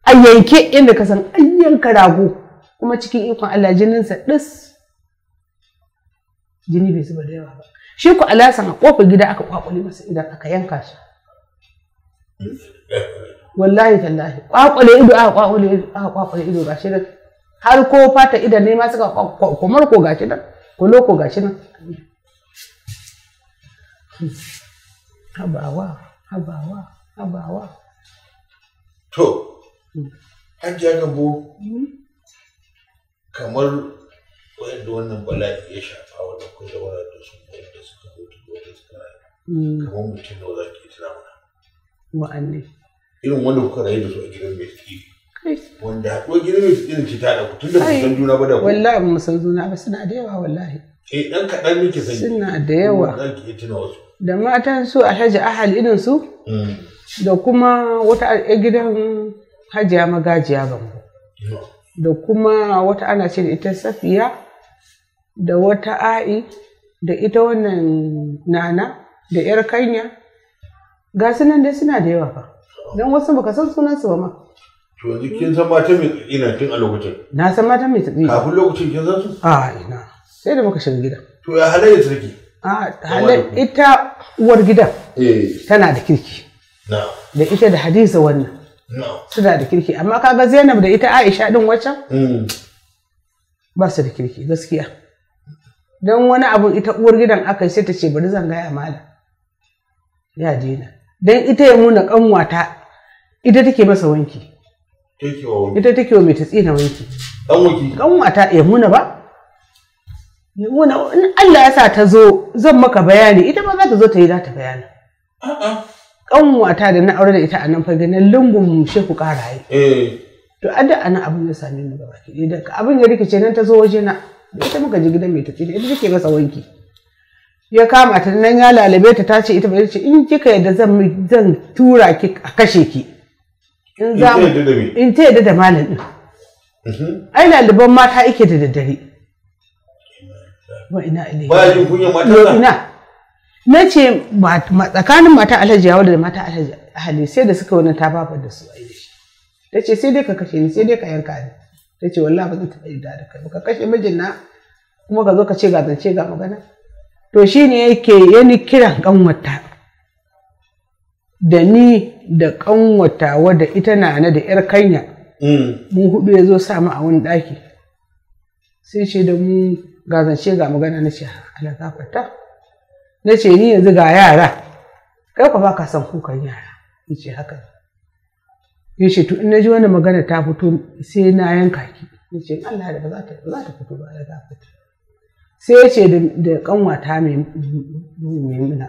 a yanke inda ka san an yanka rago kuma cikin ikon Allah jininsa ɗis jini bai zuba da yawa ba shi ku alasan a kofar gida aka kwakwale masa idan aka yanka shi wallahi tallahi kwakwale ido aka kwakwale ido aka kwakwale ido shi nan har ko fata idan ne ma suka kwakwamar ko ga shi nan ko loko shi nan habawa habawa habawa to hajjiya gabo hmm? kamar waɗanda wannan bala'i ya shafa wanda kun zauna da su da suka mutu wanda suka rayu hmm. kamar mutum da za ki tuna Wa'anne. Irin wanda kuka rayu da su a gidan mai tsiri. Wanda haɗuwar gidan mai tsiri ce ta ɗauku tun da ba san juna ba da ku. Wallahi ba san juna ba suna da yawa wallahi. Eh ɗan kaɗan nake sani. Suna da yawa. Za ki iya tuna wasu. Da matan su a Alhaji Ahal irin su. Hmm. Da kuma wata gidan Hajiya Magajiya Gambo. Da kuma wata ana ce da ita Safiya. da wata a'i da ita wannan nana da yar kanya ga su nan dai suna da yawa fa don wasu baka san sunan su ba ma to yanzu kin san mata mai ina tun a lokacin na san mata mai tsina kafin lokacin kin san su a ina sai da muka shiga gida to ya halayya sarki a halayya ita uwar gidan eh. tana da kirki da ita da hadiza wannan suna da kirki amma kaga zainab da ita aisha din wacan mm. ba su da kirki gaskiya don wani abu ita uwar gidan aka sai ta ce bari zan gaya malam ya daina don ita ya muna kanwata ita take masa wanki ita take wa mai tatsina wanki kanwata ya muna ba ya muna in Allah ya sa ta zo zan maka bayani ita ma za ta zo ta yi za ta bayani kanwata da na aure da ita a nan fage na lungun shehu kara yi eh. to a da ana abin ya same mu gaba idan abin ya rikice nan ta zo waje na ita muka ji gidan mai ta ce ita take masa wanki ya kama ta nan ya lalabe ta ta ce ita bai ce in kika yadda zan zan tura ki a kashe ki in za mu in ta yadda da malam din mhm. ai laliban mata yake da daddare wa ina ilai ba jin kunya mata ina na ce tsakanin mata alhaji yawo da mata alhaji ahali sai da suka wani ta babar da su ainihi ta ce sai dai ka kashe ni sai dai ka yanka ni ta ce wallahi ba zan taɓa yarda da kai ka kashe mijin na kuma ka zo ka ce ga zance ga magana to shine yake yani kira kanwata da ni da kanwata wadda ita na na da yar kanya mm. mun hudu ya zo sa mu a wani daki sai ce da mu ga zance ga magana na ce alakafata na ce ni yanzu ga yara kai ba ka san kukan yara ni ce haka ya ce to in na ji wani magana ta fito sai na yanka ki ya ce Allah da za ta fito ba da fito sai ya ce da ta mai muna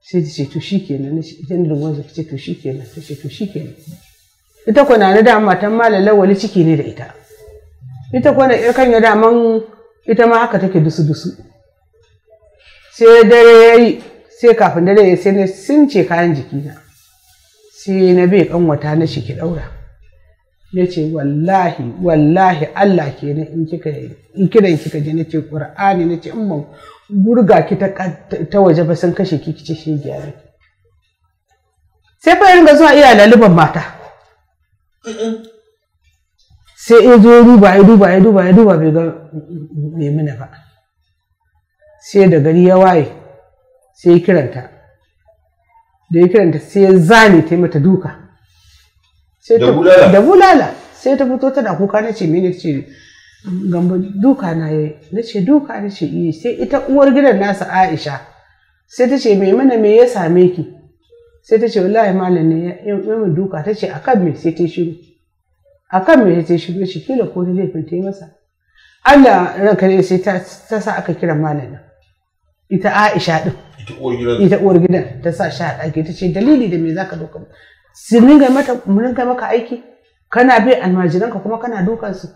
sai ta ce to shi kenan ita da wanzu ta ce to shi nan ta ce to shi nan ita kwana na dama matan malala wani ciki ne da ita ita kwana ya kan ya daman ita ma haka take dusu dusu sai dare ya yi sai kafin dare ya sai ne sun ce kayan jikina sai na bai kanwata na shi ki daura na ce wallahi wallahi Allah ke ne in kika in kika je na ce qur'ani na ce in gurga ki ta waje ba sun kashe ki kice shi gyara sai fa ringa zuwa iya laluban mata sai ya zo duba ya duba ya duba ya duba bai ga mai ba sai da gari ya waye sai ya kiranta da ya kiranta sai ya zane ta mata duka da bulala sai ta fito tana kuka na ce mene ce gamba duka na yi. na ce duka na ce iya eh. sai ita uwar gidan nasa aisha sai ta ce mai mana me ya same ki sai ta ce wallahi malam ne ya mun duka ta ce akan me sai ta shiru akan me ta shiru shi kila ko ta laifin ta yi masa Allah ranka ne sai ta sa aka kira malamin ita Aisha din ita uwar gidan ta sa shi a ɗaki ta ce dalili da me zaka doka su ringa mata mu ringa maka aiki kana bi ka kuma kana dukan su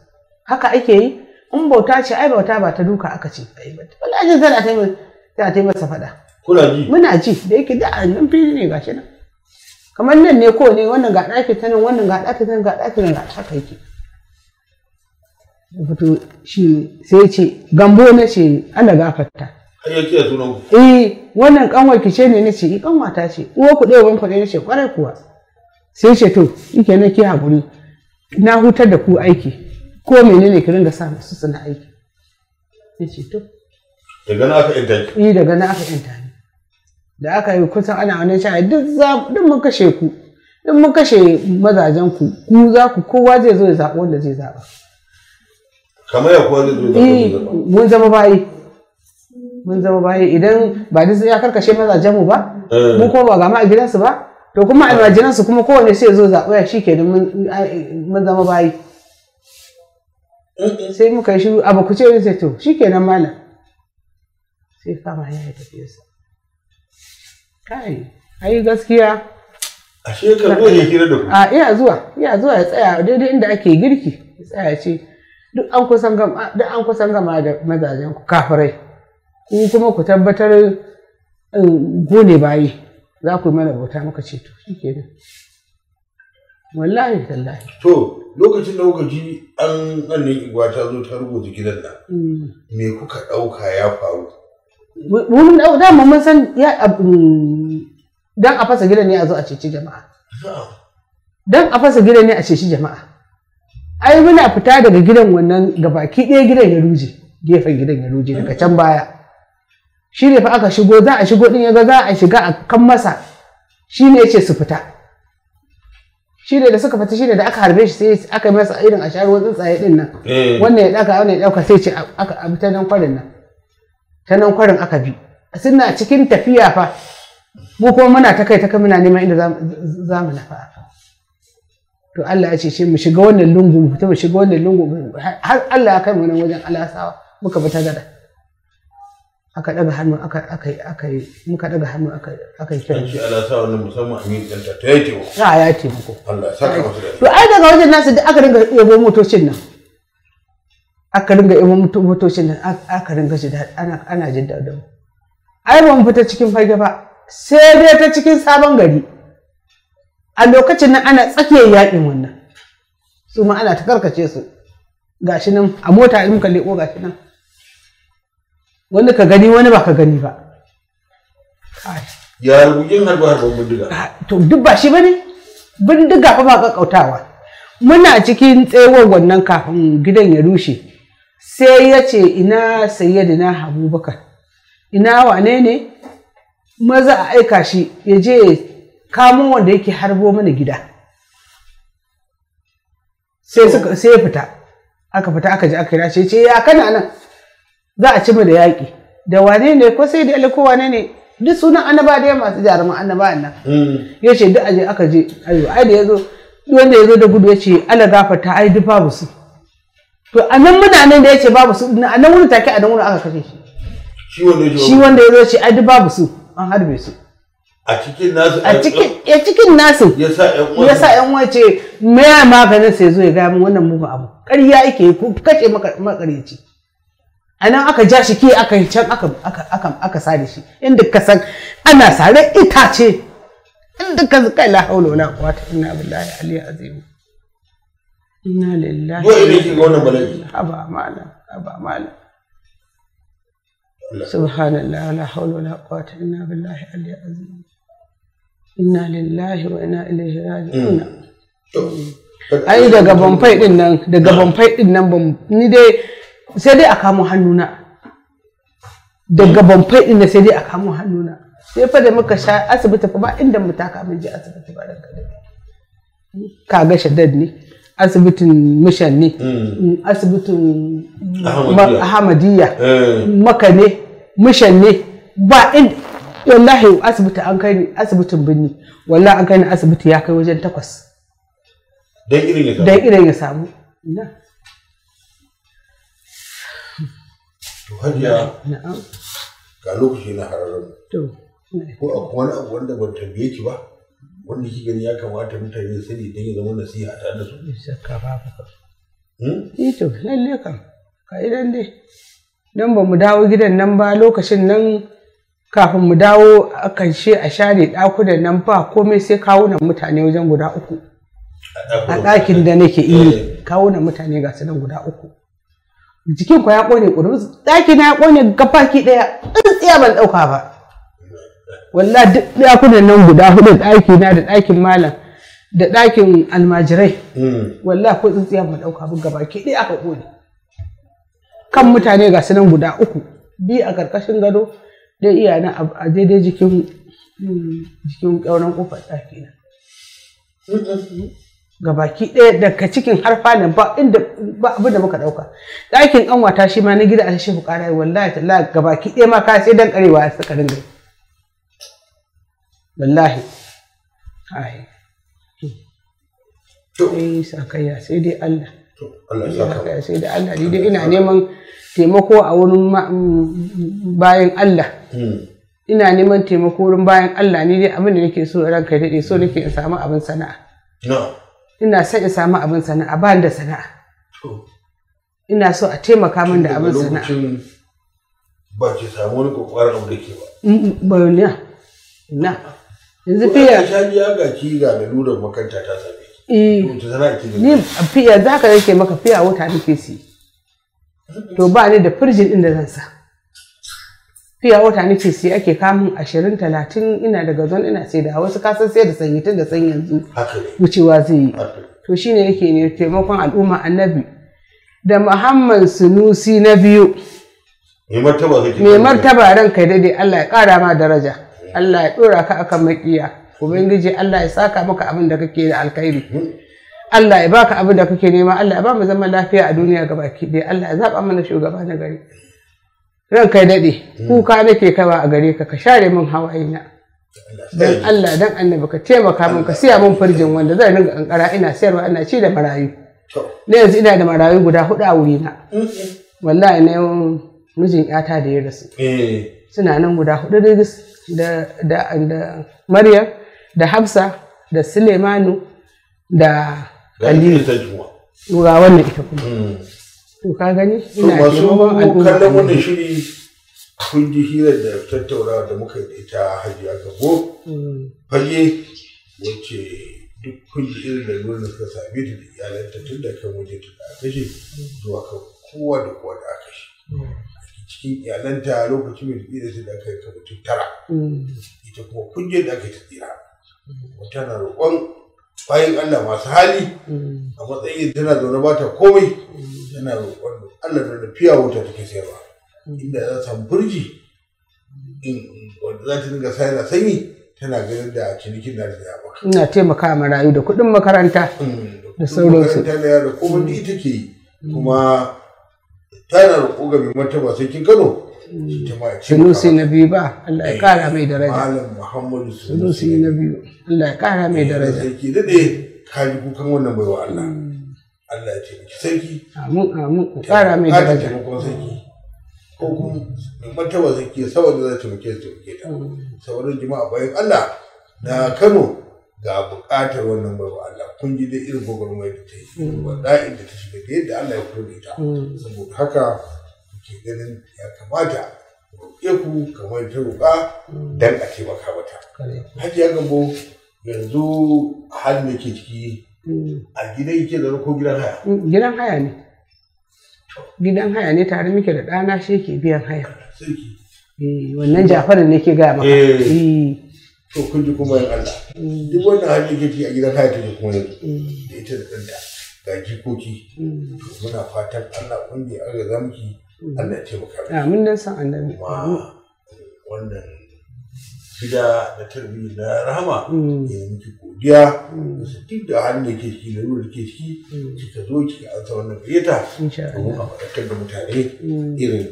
haka ake yi in bauta ce ai bauta ba ta duka aka ce ai ba wallahi tana ta yi ta ta masa faɗa kuna ji muna ji da yake da annan fili ne gashi nan kamar nan ne ko ne wannan ga ɗaki ta nan wannan ga ɗaki ta nan ga ɗaki nan haka yake fito shi sai ce gambo na ce ana gafarta eh wannan kanwar ki ce ne na ce kanwa ta ce uwa ku ɗaya ku ne ce kwarai kuwa sai ce to ike na ke haƙuri na hutar da ku aiki ko menene ki ringa sa musu suna aiki sai ce to daga na aka inta ki eh daga na aka inta ni da aka yi kusan ana wannan sha duk za duk mun kashe ku duk mun kashe mazajen ku ku za ku kowa zai zo ya zaɓa wanda zai zaɓa kamar ya kowa zai zo ya zaɓa eh, mun zama bayi mun zama bayi idan ba dai ya karkashe mazajen mu ba eh. mu kuma ba gama a gidansu ba to kuma eh. a su kuma kowane sai zo zaɓe ya da mun zama bayi eh, sai muka yi shiru abu ku ce sai to nan malam sai kama ya yi tafi sa kai ayi gaskiya A ka zo ne kira da ku a iya zuwa iya zuwa ya tsaya daidai inda ake girki ya tsaya ce duk an kusan gama da mazajen ku kafirai ku kuma ku tabbatar gone bayi za ku yi mana bauta muka ce to shi kenan wallahi tallahi to lokacin da kuka ji an ganin igwa ta zo ta rubuta gidan nan mm. me kuka ɗauka ya faru mun da mu mun san ya mm, dan a fasa gidan ne a zo a ceci jama'a dan a fasa gidan ne a ceci jama'a ai muna fita daga gidan wannan gabaki ɗaya gidan ya ruje gefen gidan ya ruje daga can baya shi ne fa aka shigo za a shigo din yaga za a shiga a kan masa shi ne yace su fita shi ne da suka fita shi ne da aka harbe shi sai aka yi masa irin a sharuwar tsuntsaye din nan eh. wannan ya daka wannan ya dauka sai ce aka abi ta nan kwarin nan ta nan kwarin aka bi suna cikin tafiya fa mu kuma muna ta kai ta kai muna neman inda za mu nafa to Allah ya ce shi mu shiga wannan lungu mu fita mu shiga wannan lungu har Allah ya kai mu nan wajen alasawa muka fita da aka daga hannu aka aka aka muka daga hannu aka aka yi shi Allah sa wannan musamman amin dan ta tayi taimako a ya taimako Allah saka masu da to ai daga wajen nasu duk aka ringa yabo motocin nan aka ringa yabo motocin nan aka ringa shi ana ana jin dadin ai ban fita cikin fage ba sai dai ta cikin sabon gari a lokacin nan ana tsakiyar yakin wannan su ma ana ta karkace su gashi nan a mota in muka leko gashi nan wani ka gani wani ba ka gani ba ya harba harban bindiga ah, to duk ba shi ba ne bindiga fa ba kakkautawa muna cikin tsewon wannan kafin gidan ya rushe sai ya ce ina Habu habubakar ina wane ne maza a aika shi ya je kamun wanda yake harbo mana gida sai ya fita aka fita aka ji aka yi ce ya kana nan za a ci mu da yaƙi da wane ne ko sai da aliko wane ne duk sunan annaba da masu jaruman annaba nan hmm. ya ce duk aje aka je ayo ai da yazo wanda yazo da gudu ya ce ala gafarta ai duk babu su to a nan mutanen da ya ce babu su a nan wani take a nan wani aka kashe shi shi wanda ya zo ce ai duk babu su an harbe su a cikin nasu a cikin ya cikin nasu ya sa yan uwa ce me maganin sai zo ya ga mun wannan mugun abu ƙarya yake ku kace makareci a nan aka ja shi ke aka yi can aka sare shi inda ka san ana sare itace inda ka zika la haula wala quwwata illa billahi ali azim inna lillahi wa inna ilaihi wannan bala'i haba mala haba mala subhanallah la haula wala quwwata illa billahi ali azim inna lillahi wa inna ilaihi raji'un hmm. ai daga banfai din nan daga ah. banfai din nan ni dai sai dai a kamo hannuna daga bamfai faɗi na sai dai a kamo hannuna sai fa da muka sha asibiti fa ba inda mu mun je asibiti ba daga da ka ga shaddad ne asibitin mission ne hmm. asibitin ahmadiyya hmm. maka ne mission ne ba in wallahi asibiti an kai ni asibitin binni wallahi an kai ni asibiti ya kai wajen takwas dan irin ya samu dan irin ya samu To hajiya ga lokaci na hararin. To. Ko akwai wani abu wanda ban tambaye ki ba wanda ki gani ya kamata mutane sani don ya zama nasiha ta da su. Shakka ba ka. Hmm? Eh to lalle kam ka idan dai. Don ba mu dawo gidan nan ba lokacin nan kafin mu dawo akan she a share ɗakunan nan ba komai sai kawunan mutane wajen guda uku. A ɗakin da nake iya eh, eh. kawunan mutane ga su nan guda uku. jikin ku ya kone kurmus daki na ya kone gabaki daya tsintsiya ban ɗauka ba wallahi duk dakunan nan guda hudu daki na da ɗakin malam da dakin almajirai hmm. wallahi ko tsintsiya ban dauka ba gabaki daya aka kone kan mutane ga su nan guda uku bi a karkashin gado da iyana a daidai jikin hmm, jikin ƙyauren kofar ɗaki na Gabaki ɗaya daga cikin har falin ba inda ba abin da muka ɗauka ɗakin ƙanwata shi ma na gida a shi fukara wallahi tallahi ga gabaki ɗaya ma ka sai dan karewa a sakarin gari wallahi ai to eh sakayya sai dai Allah Allah ya sai dai Allah ni dai ina neman taimako a wurin mm, bayan Allah hmm. ina neman taimako wurin bayan Allah ni dai abin da nake so ranka daɗe so nake in samu abin sana'a ina son in samu abin sana'a ba da sana'a ina so a taimaka min da abin sana'a ba ki samu wani kokarin abu da ke ba ba ne na yanzu fiya ta biya ga ki ga lura makanta ta same ki eh, ni fiya zaka yake maka fiya wata nake si to ba ni da firjin din da zan sa fiya wata ni ce sai ake kamun ashirin talatin ina daga zon ina sai da wasu kasan sai da sanyi tun da san yanzu wucewa zai yi to shine yake ne taimakon al'umma annabi da muhammad sunusi na biyu mai martaba ran kai daidai allah ya kara ma daraja allah ya dora ka akan makiya ubangiji allah ya saka maka abin da kake da alkhairi hmm. Allah ya baka abin da kake nema Allah ya ba mu zaman lafiya a duniya gabaki dai Allah ya zaba mana shugaba na gari ran kai daɗe hmm. kuka nake kawa a gare ka ka share min hawayena dan Allah dan annabi ka taimaka min ka siya mun farjin wanda zai ringa kankara ina sayarwa ana ci da marayu na yanzu ina da marayu guda hudu a wurina wallahi na yawan mijin yata da ya rasu eh. suna nan guda hudu da da Maryam da Hafsa da Sulemanu da Aliyu ga wannan ita kuma mm. to ka gani ina masu kallon wannan shiri kun ji hirar da tattaunawa da muka yi da ita hajiya gabo mm. fage wacce duk kun ji irin da nuna suka sami da iyalanta tun da kan waje tun da aka zuwa ka kowa da kowa da aka shi mm. cikin iyalanta lokacin mai tsira sai mm. da aka yi tun tara ita kuma kun je da aka yi tsira wata na roƙon bayan allah masu hali a matsayin tana zaune ba ta komai tana roƙon Allah da fiya wuta take sayarwa inda za ta burji in wanda za ta dinga sayar sanyi tana ganin da cinikin da ta yaba ina taimaka ma rayu da kuɗin makaranta hmm, da sauransu makaranta da yara ko wanda ita ke hmm. kuma tana roƙo ga mai martaba kin Kano hmm. Sunusi na biyu ba Allah ya kara eh, mai daraja. Malam Muhammadu Sunusi na biyu Allah ya kara mai eh, daraja. ke daɗe kaji kukan wannan baiwa Allah. Allah ya taimaki sarki amin amin ku taimakon sarki ko kuma martaba sarki saboda za ta muke ta muke ta sauran jama'a bayan Allah na Kano ga buƙatar wannan babu Allah kun ji dai irin gwagwarmayar da ta yi wada'in da ta shiga da yadda Allah ya kore ta saboda haka ke ganin ya kamata roƙe ku kamar ta roƙa dan a taimaka mata hajiya gambo yanzu halin da ke ciki A gidan yake zaune ko gidan haya? Mm, gidan haya ne. Gidan haya ne tare muke da ɗana shi ke biyan haya. Eh, wannan jafarin ne ke gaya maka. Eh. Eh. To kun ji kuma yin Allah. Mm. Duk wanda hali ke ci a gidan haya take kuma yanzu. Mm. Da ita da ɗanta ga jikoki. muna fatan Allah ƙungiya an ga zamuki Allah ya taimaka. Amin nan san annabi. Kuma wannan gida da tarbi da rahama mm. ya muke godiya mm. su duk da halin da ke ciki da nuna da ke ciki mm. kika zo ki ansa wannan gayyata domin a faɗakar da mutane irin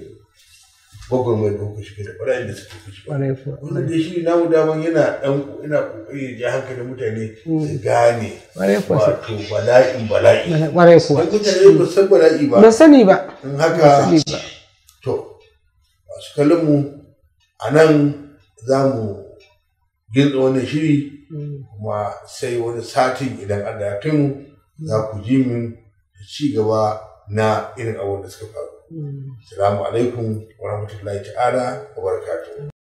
gwagwarmar da kuka shiga da ɓarayin da suke kuka shiga wannan dai shi namu daman yana ɗan Ina ƙoƙari ya ja hankalin mutane su gane wato bala'in bala'i ƙwarai kuwa mutane ba san bala'i ba ba sani ba in haka to masu kallon mu a nan za mu girka wani shiri mm. kuma sai wani satin idan Allah ya kai mu za ku ji min da ci gaba na irin abubuwan da suka faru. Mm. Salamu alaikum wa rahmatullahi ta'ala wa barakatuhu.